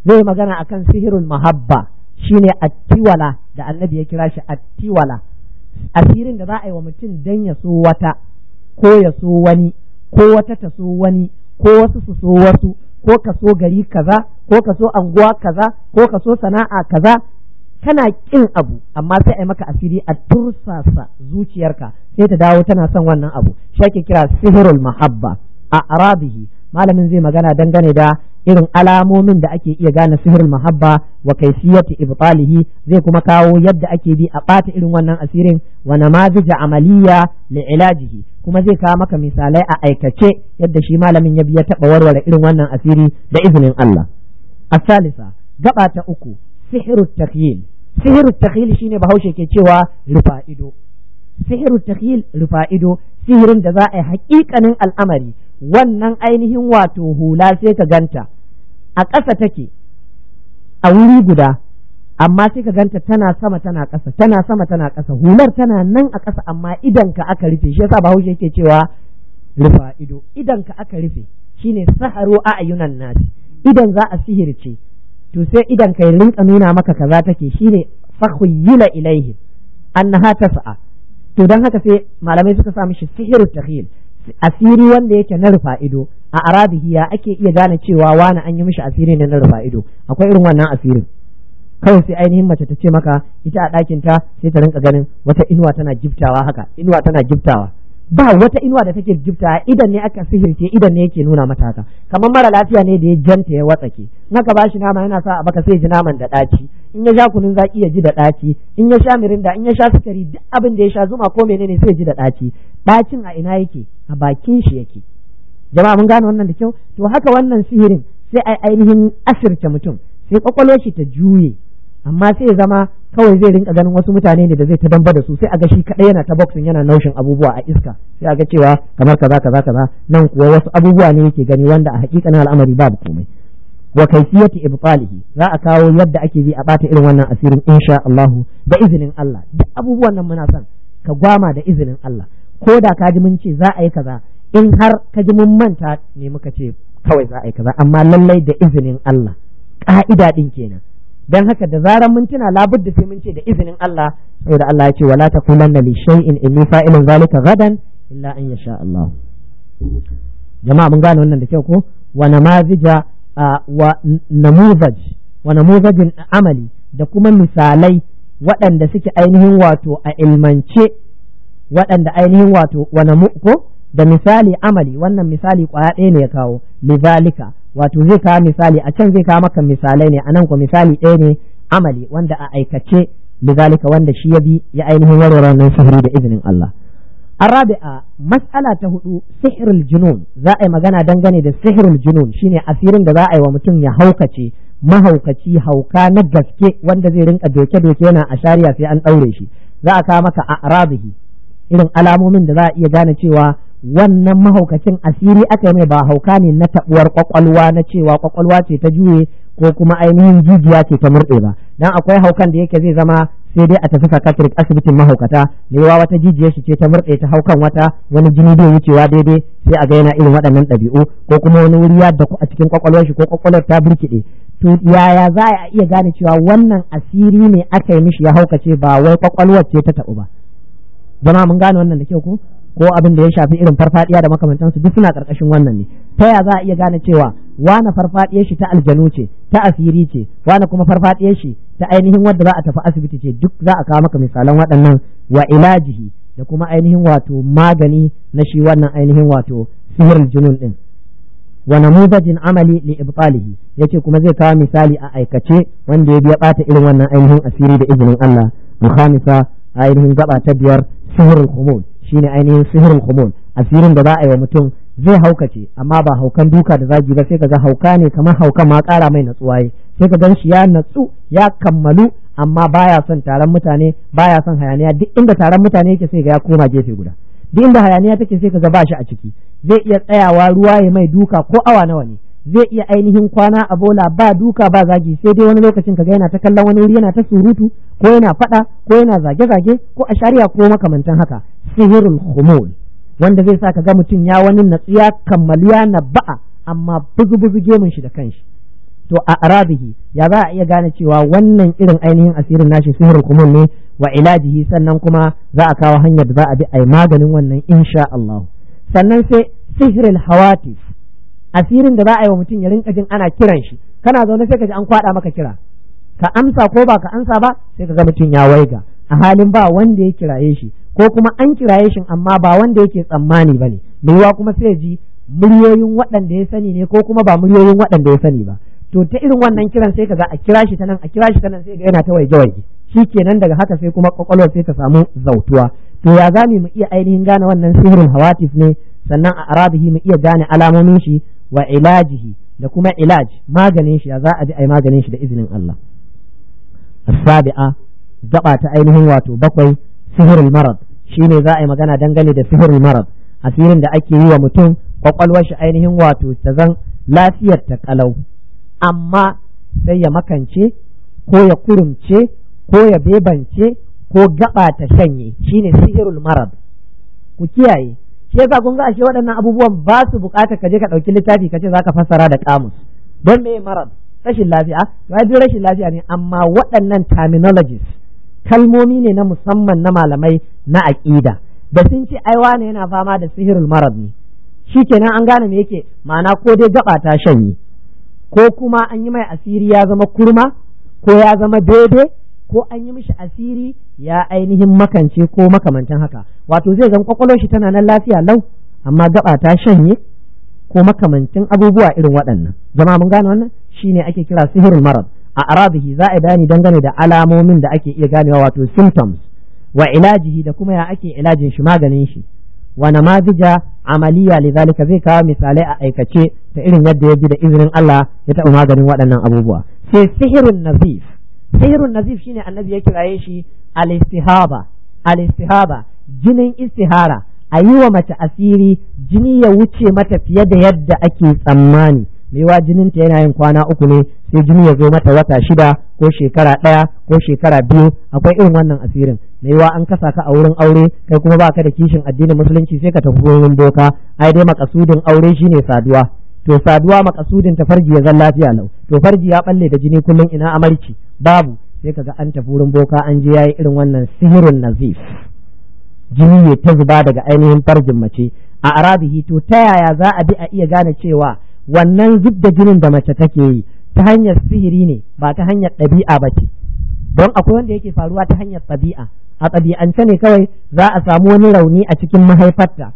zai magana akan sihirul mahabba shine attiwala da annabi ya kira shi attiwala asirin da za a yi wa mutum dan ya so wata ko ya so wani ko wata ta so wani ko wasu su so wasu ko ka so gari kaza ko ka so anguwa kaza ko ka so sana'a kaza kana kin abu amma sai a yi maka asiri a tursasa zuciyarka sai ta dawo tana son wannan abu shi kira sihirul mahabba a arabihi malamin zai magana dangane da irin alamomin da ake iya gane sihirul mahabba wa kaifiyati ibtalihi zai kuma kawo yadda ake bi a bata irin wannan asirin wa namazija amaliya li ilajihi kuma zai kawo maka misalai a aikace yadda shi malamin ya biya taɓa warware irin wannan asiri da izinin Allah. salisa gaba ta uku sihiru takhil sihiru takhil shine bahaushe ke cewa rufa ido sihiru takhil rufa ido sihirin da za a yi haƙiƙanin al'amari wannan ainihin wato hula sai ka ganta a ƙasa take a wuri guda amma sai ka ganta tana sama tana ƙasa tana sama tana ƙasa hular tana nan a ƙasa amma idan ka aka rufe shi yasa bahaushe yake cewa rufa ido idan ka aka rufe shine saharo a ayunan nasi idan za a sihirce to sai idan ka rinka nuna maka kaza take shine fakhuyyila ilaihi annaha tas'a to dan haka sai malamai suka sa mishi sihiru tahil asiri wanda yake na rufa ido a arabiya ake iya gane cewa wani an yi mishi asiri ne na rufa ido akwai irin wannan asirin kawai sai ainihin mace ta ce maka ita a ɗakin ta sai ta rinka ganin wata inuwa tana giftawa haka inuwa tana giftawa ba wata inuwa da take giftawa idan ne aka sihirce idan ne yake nuna mata haka kamar mara lafiya ne da ya janta ya watsake in aka bashi nama yana sa a baka sai ji naman da ɗaci in ya sha kunun zaki ya ji da ɗaci in ya sha mirinda in ya sha sukari duk abin da ya sha zuma ko menene sai ya ji da ɗaci ɗacin a ina yake a bakin shi yake jama'a mun gane wannan da kyau to haka wannan sihirin sai ai ainihin asirce mutum sai kwakwalwar shi ta juye amma sai zama kawai zai rinka ganin wasu mutane ne da zai ta damba da su sai a ga shi kadai yana ta boxing yana naushin abubuwa a iska sai a ga cewa kamar kaza kaza kaza nan kuwa wasu abubuwa ne yake gani wanda a hakikanin al'amari babu komai wa kaifiyati ibtalihi za a kawo yadda ake bi a bata irin wannan asirin insha Allah da izinin Allah duk abubuwan nan muna son ka gwama da izinin Allah ko da ka ji mun ce za a yi kaza in har ka ji mun manta ne muka ce kawai za a yi kaza amma lallai da izinin Allah ka'ida din kenan dan haka da zaran mun tuna da sai mun ce da izinin Allah saboda Allah ya ce wala taqulanna li shay'in inni fa'ilun zalika gadan illa an yasha Allah jama'a mun gane wannan da kyau ko wa namazija wa namuzaj wa namuzajin amali da kuma misalai waɗanda suke ainihin wato a ilmance waɗanda ainihin wato wa ko da misali amali wannan misali kwaya ɗaya ne ya kawo lizalika wato zai kawo misali a can zai kawo maka misalai ne anan ko misali ɗaya ne amali wanda a aikace lizalika wanda shi ya bi ya ainihin warware nan sihiri da izinin Allah arabi'a mas'ala ta hudu sihirul junun za a yi magana dangane da sihirul junun shine asirin da za a yi wa mutum ya haukace mahaukaci hauka na gaske wanda zai rinka doke doke yana a shari'a sai an daure shi za a kawo maka a arabihi irin alamomin da za a iya gane cewa wannan mahaukacin asiri aka yi mai ba hauka ne na tabuwar kwakwalwa na cewa kwakwalwa ce ta juye ko kuma ainihin jijiya ce ta murɗe ba dan akwai haukan da yake zai zama sai dai a tafi psychiatric asibitin mahaukata da yawa wata jijiyar shi ce ta murɗe ta haukan wata wani jini bai wucewa daidai sai a gaina irin waɗannan ɗabi'u ko kuma wani wuri ya da a cikin kwakwalwar shi ko kwakwalwar ta burkiɗe to yaya za a iya gane cewa wannan asiri ne aka yi mishi ya haukace ba wai kwakwalwar ce ta taɓu ba zama mun gane wannan da kyau ko ko abin da ya shafi irin farfadiya da makamantansu duk suna karkashin wannan ne ta ya za a iya gane cewa wana farfadiyar shi ta aljanu ce ta asiri ce wana kuma farfadiyar shi ta ainihin wadda za a tafi asibiti ce duk za a kawo maka misalan waɗannan wa ilajihi da kuma ainihin wato magani na shi wannan ainihin wato sihirin junun din wa namudajin amali li ibtalihi yace kuma zai kawo misali a aikace wanda ya biya bata irin wannan ainihin asiri da izinin Allah mu muhamisa ainihin gaba ta biyar sihirul khumul shine ainihin sihirin hormone asirin da za a yi wa mutum zai haukace amma ba haukan duka da zagi ba sai ga hauka ne kamar hauka ma ƙara mai natsuwa yi sai ka gan shi ya natsu ya kammalu amma baya son taron mutane baya son hayaniya duk inda taron mutane yake sai ga ya koma gefe guda duk inda hayaniya take sai ka ga ba shi a ciki zai iya tsayawa ruwa ya mai duka ko awa nawa ne zai iya ainihin kwana a bola ba duka ba zagi sai dai wani lokacin kaga yana ta kallon wani wuri yana ta surutu ko yana faɗa ko yana zage-zage ko a shari'a ko makamantan haka sihirul humul wanda zai sa ka ga mutum ya wani natsu ya na ba'a amma bugu-bugu gemun shi da kanshi to a arabihi ya za a iya gane cewa wannan irin ainihin asirin nashi sihirul humul ne wa ilajihi sannan kuma za a kawo hanyar da za a bi a maganin wannan insha Allah sannan sai sihirul hawatif asirin da za a yi wa mutum ya rinka jin ana kiran shi kana zaune sai ka ji an kwaɗa maka kira ka amsa ko ba ka amsa ba sai ka ga mutum ya waiga a halin ba wanda ya kiraye shi ko kuma an kiraye shi amma ba wanda yake tsammani bane ruwa kuma sai ji muryoyin waɗanda ya sani ne ko kuma ba muryoyin waɗanda ya sani ba to ta irin wannan kiran sai ka ga a kira shi ta nan a kira shi ta nan sai ga yana ta waige waige kenan daga haka sai kuma kwakwalwa sai ta samu zautuwa to ya zami mu iya ainihin gane wannan sihirin hawatif ne sannan a arabihi mu iya gane alamomin shi wa ilajihi da kuma ilaj maganin shi za a ji ai maganin shi da izinin Allah sabia ta ainihin wato bakwai sihirul marad shine za a yi magana dangane da sihirul marad asirin da ake yi wa mutum kwakwalwar shi ainihin wato ta zan lafiyar ta kalau amma sai ya makance ko ya kurumce ko ya bebance ko gaba ta shanye shine sihirul marad ku kiyaye shi yasa kun ga ashe waɗannan abubuwan ba su buƙatar ka je ka ɗauki littafi ka ce za ka fassara da kamus don me marar rashin lafiya ya biyu rashin lafiya ne amma waɗannan terminologies kalmomi ne na musamman na malamai na aƙida da sun ce aiwa ne yana fama da sihirul marad ne shi kenan an gane me yake ma'ana ko dai gaba ta shanye ko kuma an yi mai asiri ya zama kurma ko ya zama daidai ko an yi mishi asiri ya ainihin makance ko makamancin haka wato zai zan kwakwalo shi tana nan lafiya lau amma gaba ta shanye ko makamancin abubuwa irin waɗannan jama'a mun gane wannan shi ne ake kira sihirul marad a arabihi za a bayani dangane da alamomin da ake iya ganewa wato symptoms wa ilajihi da kuma ya ake ilajin shi maganin shi wa namazija amaliya lidhalika zai kawo misalai a aikace ta irin yadda ya ji da izinin Allah ya taɓa maganin waɗannan abubuwa sai sihirun nazif sihirun nazif shine annabi ya kiraye shi al-istihaba al-istihaba jinin istihara a yi wa mace asiri jini ya wuce mata fiye da yadda ake tsammani maiwa jininta yana yin kwana uku ne sai jini ya zo mata wata shida ko shekara ɗaya ko shekara biyu akwai irin wannan asirin maiwa an kasa ka a wurin aure kai kuma ba ka da kishin addinin musulunci sai ka tafi wurin doka ai dai makasudin aure shine saduwa to saduwa makasudin ta farji ya zan lafiya lau to farji ya balle da jini kullum ina amarci babu sai kaga an tafi wurin boka an je yayi irin wannan sihirin nazif jini ne ta zuba daga ainihin farjin mace a arabihi to ta yaya za a bi a iya gane cewa wannan zub da jinin da mace take yi ta hanyar sihiri ne ba ta hanyar ɗabi'a ba ce don akwai wanda yake faruwa ta hanyar ɗabi'a a ɗabi'ance ne kawai za a samu wani rauni a cikin mahaifarta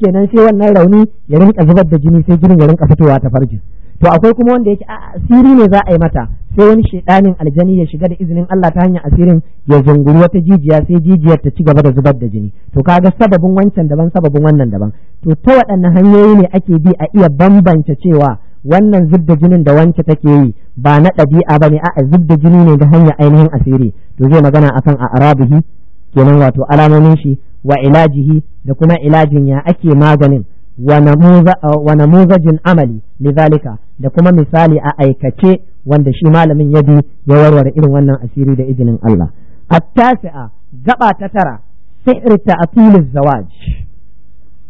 kenan sai wannan rauni ya rinka zubar da jini sai jinin ya rinka fitowa ta farjin to akwai kuma wanda yake a asiri ne za a yi mata sai wani shedanin aljani ya shiga da izinin Allah ta hanyar asirin ya zunguri wata jijiya sai jijiyar ta ci gaba da zubar da jini to kaga sababin wancan daban sababin wannan daban to ta waɗannan hanyoyi ne ake bi a iya bambance cewa wannan zubda jinin da wance take yi ba na ɗabi'a ba ne a'a zubda jini ne da hanyar ainihin asiri to zai magana akan a arabihi kenan wato alamomin shi wa ilajihi da kuma ilajin ya ake maganin wa namuzajin amali lidhalika da kuma misali a aikace wanda shi malamin ya bi ya warware irin wannan asiri da izinin Allah attasi'a gaba ta tara sa'ir ta'til zawaj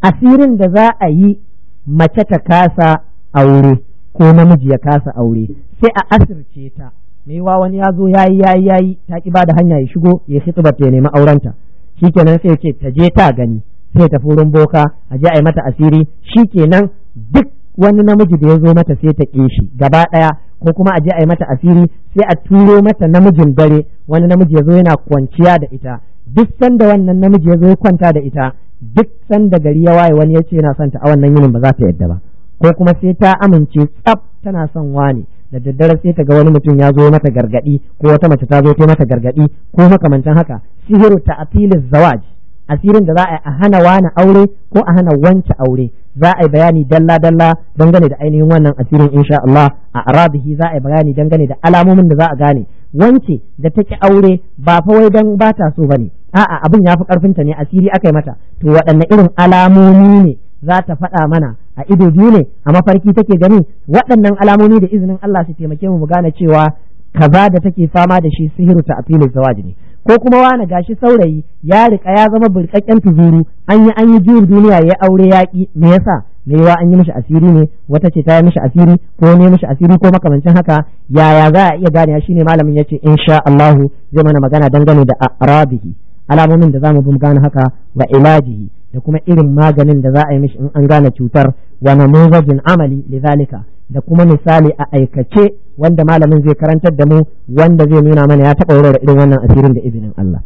asirin da za a yi mace ta kasa aure ko namiji ya kasa aure sai a asirce ta Me wa wani ya zo yayi yayi yayi ta ki bada hanya ya shigo ya shi khitba ya nemi aurenta shikenan sai ce ta je ta gani sai ta furin boka a je a yi mata asiri shikenan duk wani namiji da ya zo mata sai ta ƙi shi gaba ɗaya ko kuma a je a yi mata asiri sai a turo mata namijin dare wani namiji ya zo yana kwanciya da ita duk sanda wannan namiji ya zo ya kwanta da ita duk sanda gari ya waye wani ya ce yana son ta a wannan yinin ba za ta yadda ba ko kuma sai ta amince tsaf tana son wani da daddare sai ta ga wani mutum ya zo mata gargadi ko wata mace ta zo ta mata gargadi ko makamantan haka sihiru ta atilis zawaj asirin da za a hana wani aure ko a hana wance aure za a yi bayani dalla dalla dangane da ainihin wannan asirin insha Allah a arabihi za a yi bayani dangane da alamomin da za a gane wance da take aure ba fa wai dan ba ta so ne. a'a abin ya fi karfinta ne asiri aka yi mata to waɗanne irin alamomi ne za ta faɗa mana a ido biyu ne a mafarki take gani waɗannan alamomi da izinin Allah su taimake mu mu gane cewa kaza da take fama da shi sihiru ta afilin zawaji ne ko kuma wani gashi saurayi ya rika ya zama burkakken tuzuru an yi an yi juyin duniya ya aure yaƙi me yasa me yawa an yi mishi asiri ne wata ce ta yi mishi asiri ko ne mishi asiri ko makamancin haka yaya za a iya gane ne malamin ce insha Allah zai mana magana dangane da arabihi alamomin da zamu bi gane haka wa ilajihi da kuma irin maganin da za a yi mishi in an gane cutar wa namuzajin amali lidhalika da kuma misali a aikace wanda malamin zai karantar da mu wanda zai nuna mana ya taɓa wurin irin wannan asirin da izinin Allah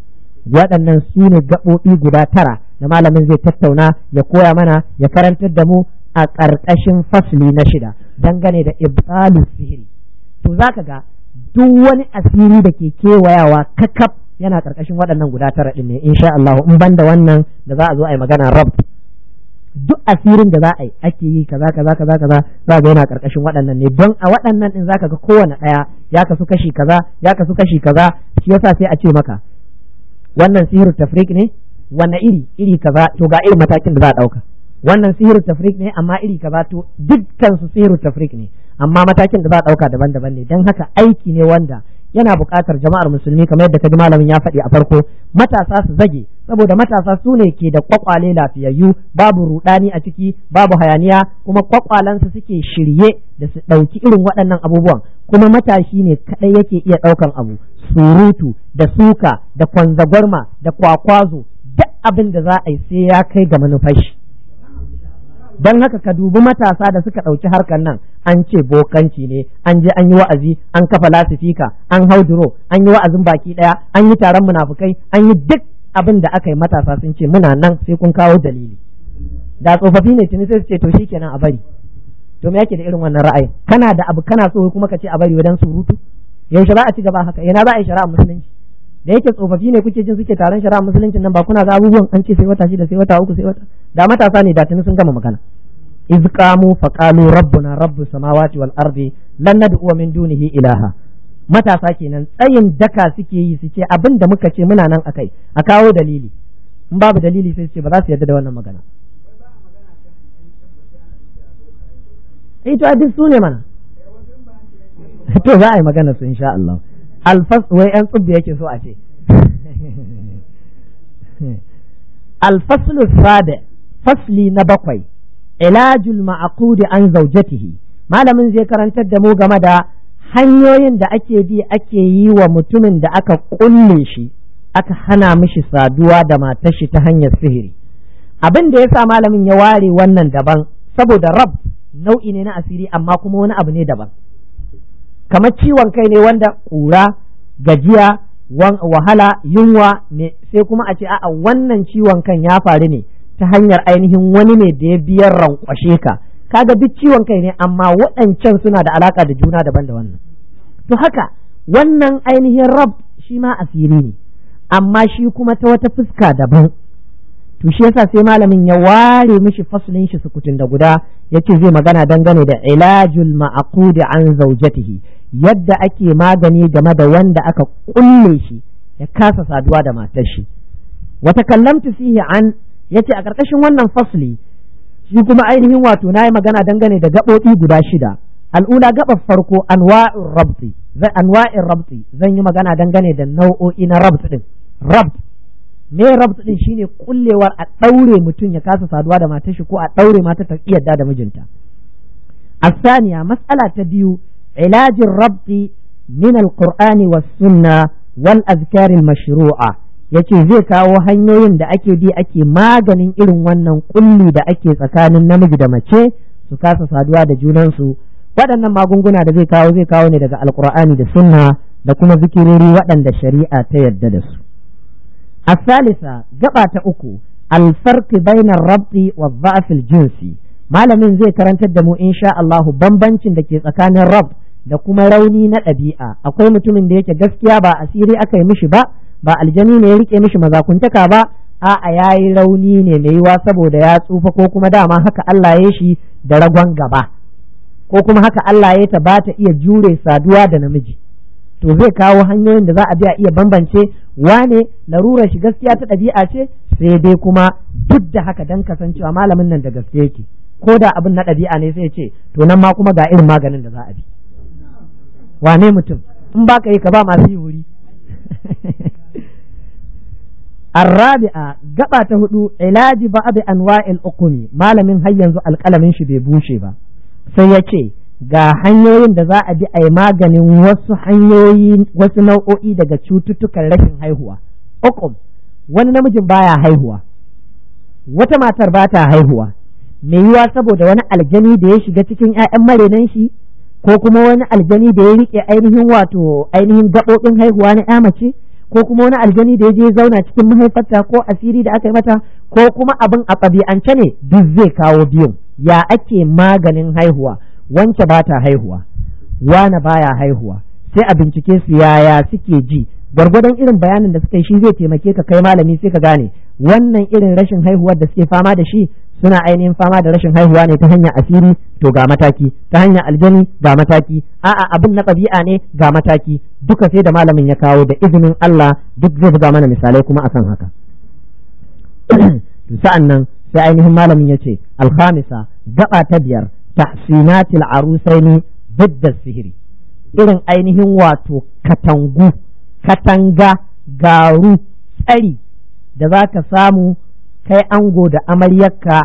waɗannan su ne gaɓoɓi guda tara da malamin zai tattauna ya koya mana ya karantar da mu a ƙarƙashin fasli na shida dangane da ibalu sihiri to zaka ga duk wani asiri da ke kewayawa kakaf yana ƙarƙashin waɗannan guda tara ɗin ne sha Allah in banda wannan da za a zo a yi magana rabt duk asirin da za a yi ake yi kaza kaza kaza kaza za ga yana karkashin waɗannan ne don a waɗannan din zaka ga kowane ɗaya ya kasu kashi kaza ya kasu kashi kaza shi yasa sai a ce maka wannan sihirin tafrik ne wanne iri iri kaza to ga irin matakin da za a ɗauka wannan sihirin tafrik ne amma iri kaza to dukkan su sihirin tafrik ne amma matakin da za a ɗauka daban-daban ne don haka aiki ne wanda yana buƙatar jama'ar musulmi kamar yadda kaji malamin ya faɗi a farko matasa su zage saboda matasa su ne ke da kwakwale lafiyayyu babu rudani a ciki babu hayaniya kuma kwakwalansu suke shirye da su ɗauki irin waɗannan abubuwan kuma matashi ne kaɗai yake iya ɗaukan abu surutu da suka da kwanzagwarma da kwakwazo duk abin da za a yi sai ya kai ga manufashi don haka ka dubi matasa da suka ɗauki harkar nan an ce bokanci ne an je an yi wa'azi an kafa lasifika an hau hauduro an yi wa'azin baki ɗaya an yi taron munafukai an yi duk abin da aka yi matasa sun ce muna nan sai kun kawo dalili da tsofaffi ne tuni sai su ce to kenan a bari to me yake da irin wannan ra'ayin kana da abu kana so kuma ka ce a bari dan surutu yaushe za a ci gaba haka yana za a yi shari'a musulunci da yake tsofaffi ne kuke jin suke taron shari'a musulunci nan ba kuna ga abubuwan an ce sai wata shida sai wata uku sai wata da matasa ne da tuni sun gama magana iz qamu faqalu rabbuna rabbus samawati wal ardi lan nad'u min dunihi ilaha matasa kenan tsayin daka suke yi su ce abin da muka ce muna nan akai a kawo dalili in babu dalili sai su ce ba za su yarda da wannan magana eh to duk su ne mana to za a yi magana su insha Allah alfas wai yan tsubbi yake so a ce alfaslu sada fasli na bakwai ilajul ma'aqudi an zaujatihi malamin zai karantar da mu game da hanyoyin da ake bi ake yi wa mutumin da aka kulle shi aka hana mishi saduwa da matar shi ta hanyar sihiri abin da yasa malamin ya ware wannan daban saboda rab nau'i ne na asiri amma kuma wani abu ne daban kamar ciwon kai ne wanda kura gajiya wahala yunwa ne sai kuma a ce a'a wannan ciwon kan ya faru ne ta hanyar ainihin wani ne da ya biyar rankwashe ka kaga duk ciwon kai ne amma waɗancan suna da alaƙa da juna daban da wannan to haka wannan ainihin rab shi ma asiri ne amma shi kuma ta wata fuska daban to shi yasa sai malamin ya ware mishi faslin shi sukutun da guda yace zai magana dangane da ilajul ma'qud an zawjatihi yadda ake magani game da wanda aka kulle shi ya kasa saduwa da matar shi wata kallamtu fihi an yace a ƙarƙashin wannan fasli shi kuma ainihin wato na yi magana dangane da gaɓoɓi guda shida al'ula gaɓar farko anwa'in rabti zan anwa'in rabti zan yi magana dangane da nau'o'i na rabti. din rabt me rabt din shine kullewar a ɗaure mutum ya kasa saduwa da matar shi ko a ɗaure mata ta yadda da mijinta matsala ta ilajin rabti min علاج الربط wa القرآن wal azkarin mashrua. yace zai kawo hanyoyin da ake bi ake maganin irin wannan kulli da ake tsakanin namiji da mace su kasa saduwa da junansu waɗannan magunguna da zai kawo zai kawo ne daga alkur'ani da sunna da kuma zikirori waɗanda shari'a ta yarda da su ta uku alfarki bainar بين wa والضعف jinsi malamin zai karantar da mu insha Allahu bambancin da ke tsakanin rab da kuma rauni na ɗabi'a akwai mutumin da yake gaskiya ba asiri aka yi mishi ba ba aljani ne ya rike mishi mazakuntaka ba a'a yayi rauni ne mai yiwa saboda ya tsufa ko kuma dama haka Allah ya shi da ragon gaba ko kuma haka Allah ya ta bata iya jure saduwa da namiji to zai kawo hanyoyin da za a biya iya bambance wane larurar shi gaskiya ta ɗabi'a ce sai dai kuma duk da haka dan kasancewa malamin nan da gaske yake ko da abin na ɗabi'a ne sai ce to nan ma kuma ga irin maganin da za a bi wane mutum in baka yi ka ba masu yi wuri ta hudu الرابعة قبعة هدو علاج malamin har yanzu ما shi bai bushe ba sai yace ga hanyoyin da za a bi a yi maganin wasu hanyoyi wasu nau'o'i daga cututtukan rashin haihuwa. Ukum, wani namijin baya haihuwa, wata matar ba ta haihuwa, mai yiwa saboda wani aljani da ya shiga cikin 'ya'yan marenan shi ko kuma wani aljani da ya riƙe ainihin wato ainihin gaɓoɓin haihuwa na 'ya mace. ko kuma wani aljani da ya je zauna cikin mahaifarta ko asiri da aka yi mata ko kuma abin a ɗabi'ance ne duk zai kawo biyun ya ake maganin haihuwa wance ba ta haihuwa wane baya haihuwa sai a bincike su yaya suke ji gwargwadon irin bayanin da suka yi shi zai taimake ka kai malami sai ka gane wannan irin rashin haihuwar da suke fama da shi suna ainihin fama da rashin haihuwa ne ta hanyar asiri to ga mataki ta hanyar aljani ga mataki a'a abin na ɗabi'a ne ga mataki duka sai da malamin ya kawo da izinin Allah duk zai buga mana misalai kuma akan haka sa'an nan sai ainihin malamin ya ce alhamisa gaba ta biyar tahsinatil arusaini bidda sihiri irin ainihin wato katangu katanga garu tsari da za ka samu kai ango da amaryarka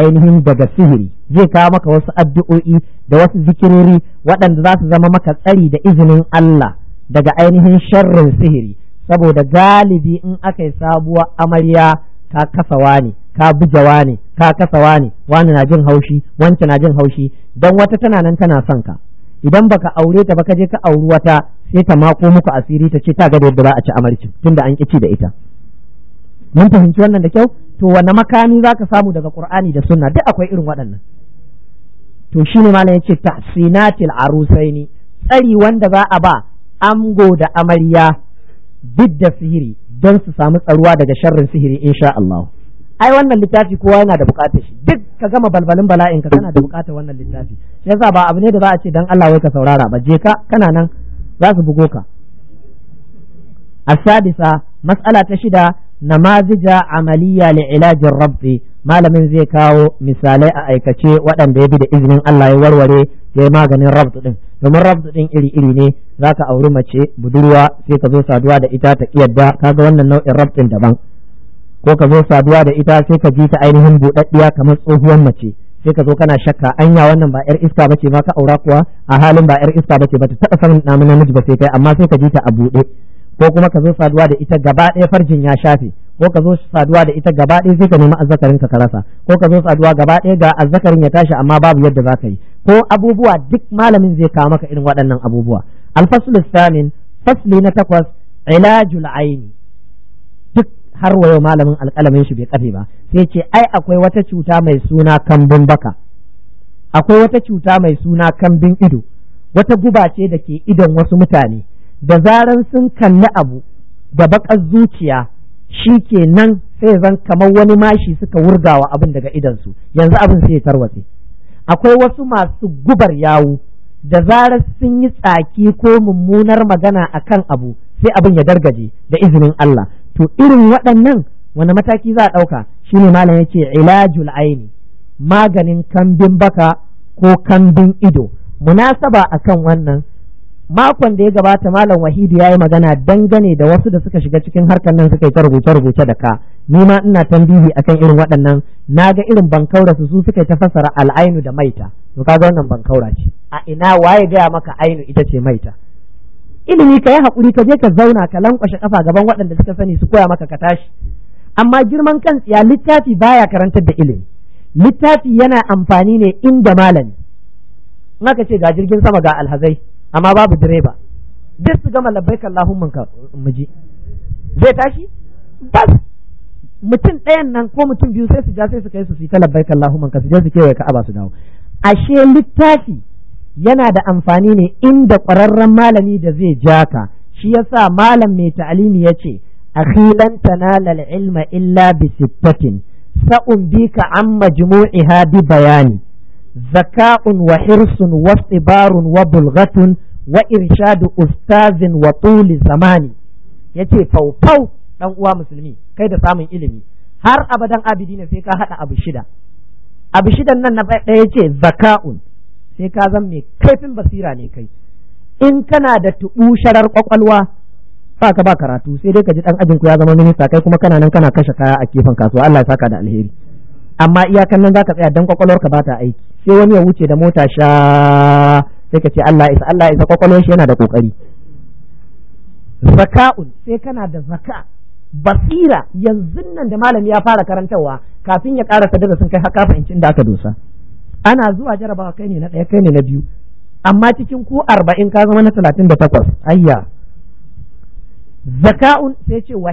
ainihin daga sihiri zai kawo maka wasu addu'o'i da wasu zikirori waɗanda za su zama maka tsari da izinin Allah daga ainihin sharrin sihiri saboda galibi in aka yi sabuwar amarya ka kasawa ne ka bujawa ne ka kasawa ne wani na jin haushi wancan na jin haushi don wata tana nan tana son ka idan baka aure ta ka je ka auri wata sai ta mako muku asiri ta ce ta ga yadda za a ci amarci tunda an ci da ita mun fahimci wannan da kyau to wanne makami za ka samu daga qur'ani da sunna duk akwai irin waɗannan to shi shine malam yace tahsinatil arusaini tsari wanda za a ba ango da amarya duk da sihiri don su samu tsaruwa daga sharrin sihiri insha Allah ai wannan littafi kowa yana da bukatar shi duk ka gama balbalin bala'inka kana da bukatar wannan littafi yasa ba abu ne da za a ce dan Allah wai ka saurara ba je ka kana nan za su bugo ka A sadisa mas'ala ta shida namazija amaliya li ilajin rabbi malamin zai kawo misalai a aikace waɗanda ya bi da izinin Allah ya warware ya yi maganin rabtu ɗin domin rabtu ɗin iri-iri ne za ka auri mace budurwa sai ka zo saduwa da ita ta kiyarda kaga wannan nau'in rabtin daban ko ka zo saduwa da ita sai ka ji ta ainihin buɗaɗɗiya kamar tsohuwar mace sai ka zo kana shakka anya wannan ba yar iska bace ba ka aura kuwa a halin ba yar iska bace ba ta taɓa sanin ɗamin namiji ba sai kai amma sai ka ji ta a buɗe ko kuma ka zo saduwa da ita gaba ɗaya farjin ya shafe ko ka zo saduwa da ita gaba ɗaya sai ka nemi azzakarin ka rasa ko ka zo saduwa gaba ɗaya ga azzakarin ya tashi amma babu yadda za ka yi ko abubuwa duk malamin zai kawo maka irin waɗannan abubuwa alfasul samin fasli na takwas ilajul aini duk har wayo malamin alƙalamin shi bai kafe ba sai ce ai akwai wata cuta mai suna kambin baka akwai wata cuta mai suna kambin ido wata guba ce da ke idon wasu mutane da zarar sun kalli abu da bakar zuciya shi kenan sai zan kamar wani mashi suka wurgawa abin daga idansu yanzu abin sai ya tarwatse akwai wasu masu gubar yawu da zarar sun yi tsaki ko mummunar magana akan abu sai abin ya dargaje da izinin Allah to irin waɗannan wani mataki za a ɗauka shine malam ya ce ilajul aini maganin kambin baka ko kambin ido munasaba akan wannan makon da ya gabata malam wahidu ya yi magana dangane da wasu da suka shiga cikin harkar nan suka yi ta rubuce rubuce da ka ni ma ina tambihi akan irin waɗannan na ga irin bankaura su su suka ta fasara al'ainu da maita to kaga wannan bankaura ce a ina waye gaya maka ainu ita ce maita ilimi ka yi haƙuri ka je ka zauna ka lankwashe kafa gaban waɗanda suka sani su koya maka ka tashi amma girman kan tsiya littafi baya karantar da ilimi littafi yana amfani ne inda malami in aka ce ga jirgin sama ga alhazai amma babu direba duk su gama labbaika Allahun ka muji zai tashi bas mutum ɗayan nan ko mutum biyu sai su ja sai su kai su fita ta Allahun Allahumma su je su kewaye Ka'aba su dawo ashe littafi yana da amfani ne inda ƙwararren malami da zai ja ka shi yasa malam mai ta'alimi ya ce a lan tanala ilma illa bi sa'un bika an majmu'iha bi bayani Zaka'un wa ذكاء وحرص واصطبار wa وإرشاد أستاذ وطول زمان yace faufau dan uwa musulmi kai da samun ilimi har abadan abidina sai ka hada abu shida abu shidan nan na ya ce zaka'un sai ka zan mai kaifin basira ne kai in kana da tuɓu sharar kwakwalwa ba ka ba karatu sai dai ka ji dan ajin ya zama minista kai kuma kana nan kana kashe kaya a gefen kasuwa Allah ya saka da alheri amma iyakan nan zaka tsaya dan kwakwalwarka ba ta aiki sai wani ya wuce da mota sha sai ka ce Allah isa Allah isa kwakwalwar shi yana da kokari zaka'un sai kana da zaka basira yanzu nan da malami ya fara karantarwa kafin ya karasa sun kai haka fahimci da aka dosa ana zuwa jarabawa kai ne na ɗaya kai ne na biyu amma cikin ku arba'in ka zama na talatin da takwas ayya zaka'un sai ce wa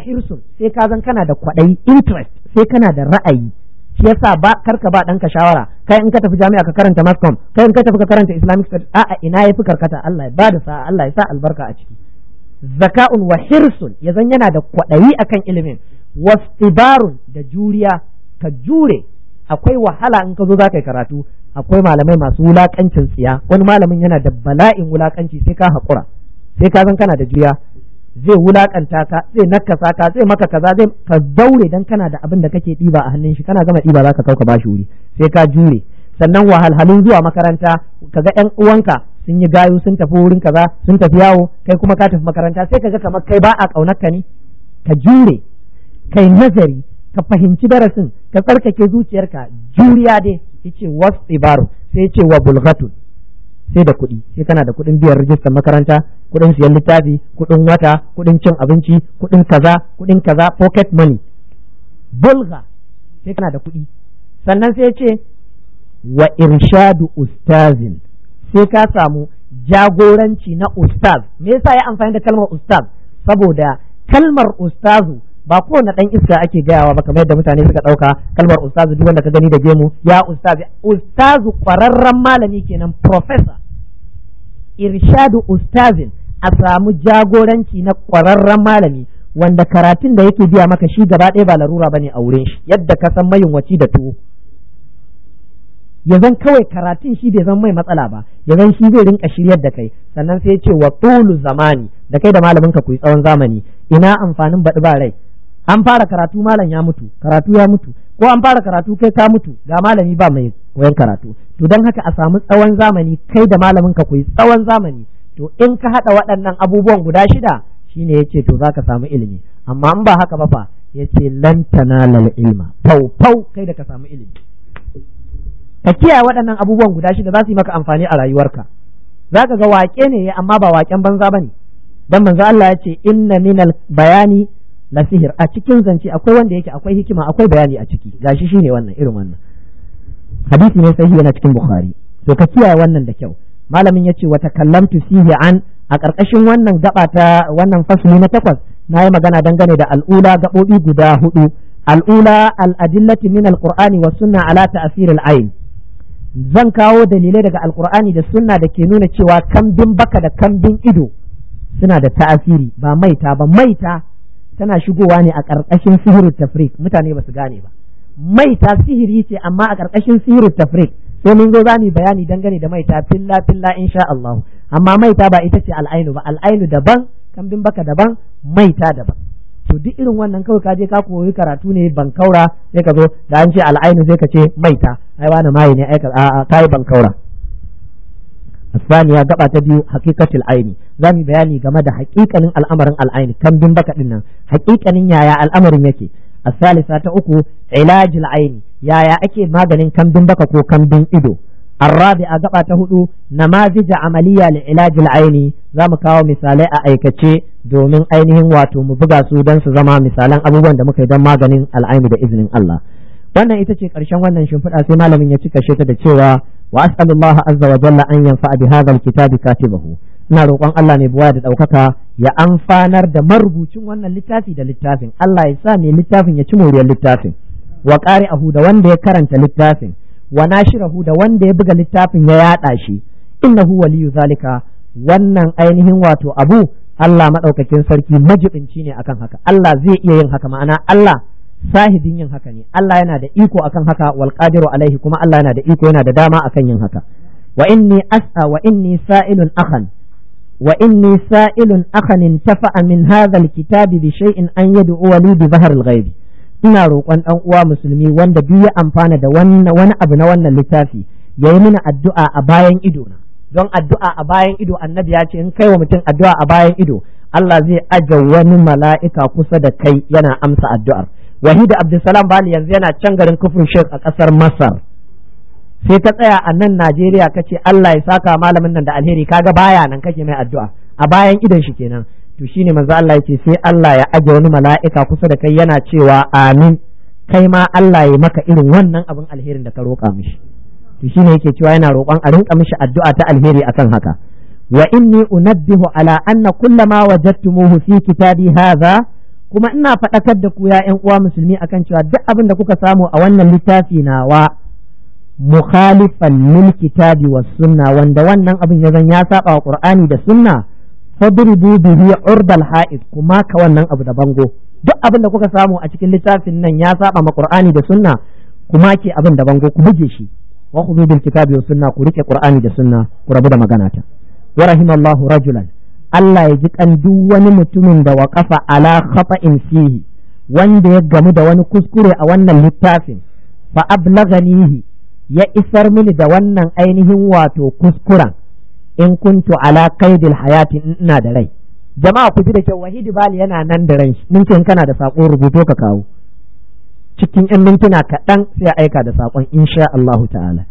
sai ka zan kana da kwaɗayi interest sai kana da ra'ayi shi yasa ba karka ba ɗanka shawara kai in ka tafi jami'a ka karanta mascom kai in ka tafi ka karanta islamic studies a'a ina yafi karkata Allah ya bada sa'a Allah ya sa albarka a ciki zaka'un wa hirsun yazan yana da kwaɗayi akan ilimin wastibarun da juriya ka jure akwai wahala in ka zo za ka yi karatu akwai malamai masu wulakancin tsiya wani malamin yana da bala'in wulakanci sai ka haƙura sai ka zan kana da juriya zai wulakanta ka zai nakasa ka zai maka kaza zai ka zaure dan kana da abin da kake diba a hannun shi kana gama diba zaka kauka bashi wuri sai ka jure sannan wahalhalun zuwa makaranta kaga yan uwanka sun yi gayu sun tafi wurin kaza sun tafi yawo kai kuma ka tafi makaranta sai kaga kamar kai ba a kaunar ka ne ka jure kai nazari ka fahimci darasin ka tsarkake zuciyarka juriya dai yace wasibaru sai yace wa bulghatun sai da kuɗi sai kana da kuɗin biyan rijistar makaranta kuɗin siyan littafi kuɗin wata kuɗin cin abinci kuɗin kaza kuɗin kaza pocket money bulga sai kana da kuɗi sannan sai ce wa irshadu ustazin sai ka samu jagoranci na ustaz me yasa ya amfani da kalmar ustaz saboda kalmar ustazu ba kowane dan iska ake gayawa ba kamar yadda mutane suka ɗauka kalmar ustazu duk wanda ka gani da gemu ya ustazu ustazu kwararren malami kenan professor irshadu ustazin a samu jagoranci na ƙwararren malami wanda karatun da yake biya maka shi gaba ɗaya ba larura bane a wurin shi yadda ka san mayunwaci da tuwo ya kawai karatun shi bai zan mai matsala ba ya zan shi zai rinka shiryar da kai sannan sai ya ce wa tulu zamani da kai da malamin ka ku yi tsawon zamani ina amfanin baɗi ba rai an fara karatu malam ya mutu karatu ya mutu ko an fara karatu kai ka mutu ga malami ba mai koyan karatu to don haka a samu tsawon zamani kai da malamin ka koyi tsawon zamani to in ka haɗa waɗannan abubuwan guda shida shine yace to zaka samu ilimi amma in ba haka ba fa yace lan tanalal ilma pau pau kai da ka samu ilimi ka kiyaye waɗannan abubuwan guda shida za su yi maka amfani a rayuwarka zaka ga waƙe ne amma ba waken banza bane dan manzo Allah yace ce inna minal bayani na sihir a cikin zance akwai wanda yake akwai hikima akwai bayani a ciki gashi shine wannan irin wannan hadisi ne sahihi yana cikin bukhari to ka kiyaye wannan da kyau malamin yace wa takallamtu fihi an a ƙarƙashin wannan gaba ta wannan fasli na takwas na yi magana dangane da al'ula gaɓoɓi guda hudu al'ula al'adillati min alqur'ani wa sunna ala ta'sir ayin zan kawo dalilai daga alqur'ani da sunna da ke nuna cewa kambin baka da kambin ido suna da ta'asiri ba maita ba maita tana shigowa ne a ƙarƙashin sihirin tafrik mutane ba su gane ba mai ta sihiri ce amma a ƙarƙashin sihirin tafrik sai mun zo zamu bayani dangane da maita filla filla insha Allah amma maita ba ita ce al'ainu ba al'ainu daban kambin baka daban maita daban to duk irin wannan kawai ka je ka koyi karatu ne ban kaura sai ka zo da an ce al'ainu sai ka ce maita ai wani mai ne ai ka kai bankaura asfaniya gaba ta biyu hakikatul aini za mu bayani game da hakikanin al'amarin al'aini kambin baka din nan haƙiƙanin yaya al'amarin yake a salisa ta uku ilajil aini yaya ake maganin kambin baka ko kambin ido ta zamu kawo misalai a aikace domin ainihin wato mu buga su don su zama misalan abubuwan da muka yi don maganin ماغنين da izinin allah. wannan ita ce ƙarshen wannan shimfiɗa sai malamin ya ci kashe ta da cewa wa as'alullaha azza wa jalla an yanfa'a bi hadha alkitabi katibahu ina roƙon Allah mai buwaya da ɗaukaka ya amfanar da marubucin wannan littafi da littafin Allah ya sa mai littafin ya ci moriyar littafin wa ahu da wanda ya karanta littafin wa nashirahu da wanda ya buga littafin ya yaɗa shi innahu waliyu zalika wannan ainihin wato abu Allah maɗaukakin sarki majibinci ne akan haka Allah zai iya yin haka ma'ana Allah sahibin yin haka ne Allah yana da iko akan haka wal qadiru alaihi kuma Allah yana da iko yana da dama akan yin haka wa inni as'a wa inni sa'ilun akhan Sa'ilun وإني سائل أخا انتفع من هذا الكتاب بشيء أن يدعو لي بظهر الغيب ina roƙon ɗan uwa musulmi wanda duk ya amfana da wani abu na wannan littafi ya yi mini addu'a a bayan ido don addu'a a bayan ido annabi ya ce in kai wa mutum addu'a a bayan ido Allah zai aje wani mala'ika kusa da kai yana amsa addu'ar wahida abdulsalam bali yanzu yana can garin kufin shek a ƙasar masar sai ta tsaya a nan Najeriya ka ce Allah ya saka malamin nan da alheri kaga baya nan kake mai addu'a a bayan idan shi kenan to shine manzo Allah yake sai Allah ya aje wani mala'ika kusa da kai yana cewa amin kai ma Allah ya maka irin wannan abin alherin da ka roƙa mishi to shine yake cewa yana roƙon a rinka mishi addu'a ta alheri akan haka wa inni unabbihu ala anna kullama wajadtumuhu fi kitabi hadha kuma ina faɗakar da ku ya ƴan uwa musulmi akan cewa duk abin da kuka samu a wannan littafi nawa mukhalifan lil kitabi was sunna wanda wannan abin ya zan ya saba wa qur'ani da sunna fadribu bihi urdal ha'id kuma ka wannan abu da bango duk abin da kuka samu a cikin littafin nan ya saba ma qur'ani da sunna kuma ke abin da bango ku buge shi wa khudhu bil kitabi was sunna ku rike qur'ani da sunna ku rabu da magana ta wa rahimallahu rajulan Allah ya ji kan duk wani mutumin da waqafa ala khata'in fihi wanda ya gamu da wani kuskure a wannan littafin fa ablagani. ya isar mini da wannan ainihin wato kuskuren in kuntu ala kaidil hayati ina da rai jama'a ku ji da kyau wahidi bali yana nan da ran mun kana da sako rubuto ka kawo cikin yan mintuna kaɗan sai aika da sakon insha Allahu ta'ala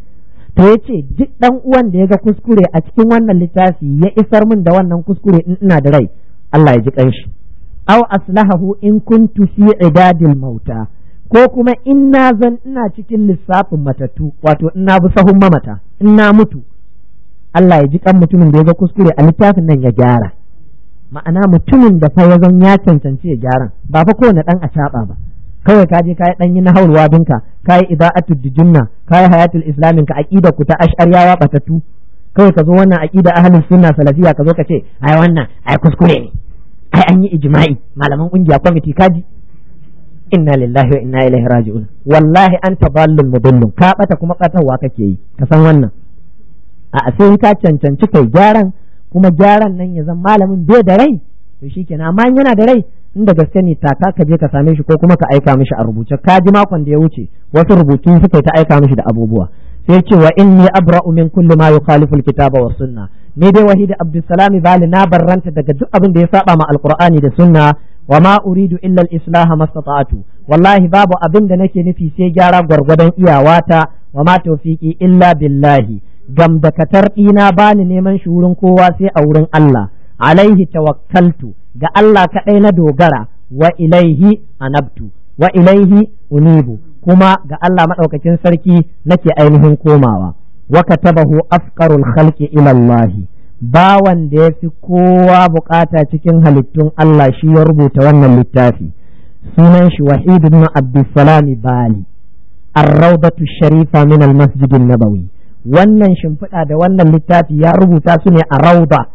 to yace duk dan uwan da ya ga kuskure a cikin wannan littafi ya isar min da wannan kuskure in ina da rai Allah ya ji kanshi aw aslahahu in kuntu fi idadil mauta ko kuma in na zan ina cikin lissafin matattu wato ina bi sahun mamata ina mutu Allah ya ji kan mutumin da ya ga kuskure a littafin nan ya gyara ma'ana mutumin da fa ya zan ya cancanci ya gyara, ba fa kowane dan a ba kawai ka je ka yi na haulwa binka ka yi ida'atul dijinna ka yi hayatul islamin ka aqida ku ta ash'ariyawa batattu kawai ka zo wannan aqida ahlus sunna salafiya ka zo ka ce ai wannan ai kuskure ne ai an yi ijma'i malaman kungiya kwamiti kaji inna lillahi wa inna ilaihi raji'un wallahi anta dallun mudallun ka bata kuma batarwa kake yi ka san wannan a sai ka cancanci kai gyaran kuma gyaran nan ya zan malamin bai da rai to shikenan amma yana da rai in da gaske ne taka ka je ka same shi ko kuma ka aika mishi a rubuce ka ji makon da ya wuce wasu rubutu suka ta aika mishi da abubuwa sai ce wa inni abra'u min kulli ma yukhalifu alkitaba wa sunna ni dai wahidi abdussalam bali na barranta daga duk abin da ya saba ma alqur'ani da sunna wa ma uridu illa al-islah mastata'tu wallahi babu abin da nake nufi sai gyara gwargwadon iyawata wa ma tawfiqi illa billahi katar ɗina bani neman shi wurin kowa sai a wurin Allah alaihi tawakkaltu ga Allah kaɗai na dogara wa ilaihi anabtu wa ilaihi unibu kuma ga Allah maɗaukakin sarki nake ainihin komawa wa katabahu afqarul khalqi ila Allah bawan da ya fi kowa bukata cikin halittun Allah shi ya rubuta wannan littafi sunan shi wahid na abdussalam bali a sharifa min almasjidin nabawi wannan shimfiɗa da wannan littafi ya rubuta su ne a rauda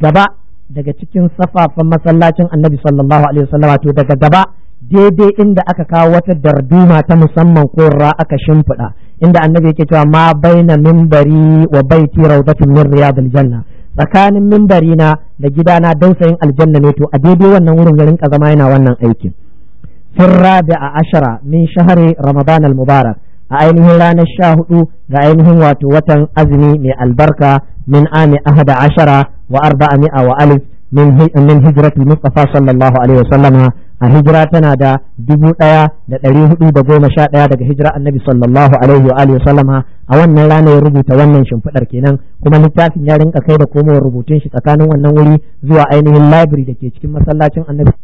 gaba daga cikin safafan masallacin annabi sallallahu alaihi wasallam to daga gaba daidai inda aka kawo wata darduma ta musamman ko aka shimfiɗa inda annabi yake cewa ma baina minbari wa baiti raudatu min riyadil janna tsakanin mimbarina da gidana dausayin aljanna ne to a daidai wannan wurin garin zama yana wannan aikin firra da a ashara min shahari ramadan al-mubarak a ainihin ranar sha hudu ga ainihin wato watan azumi mai albarka min ami ahada ashara wa arba'a mi'a wa alif min hijrat mustafa sallallahu alaihi wasallama a hijira tana da dubu ɗaya da ɗari hudu da goma sha ɗaya daga hijira annabi sallallahu alaihi wa alihi sallama a wannan rana ya rubuta wannan shimfiɗar kenan kuma littafin ya rinka kai da komowar rubutun shi tsakanin wannan wuri zuwa ainihin labiri da ke cikin masallacin annabi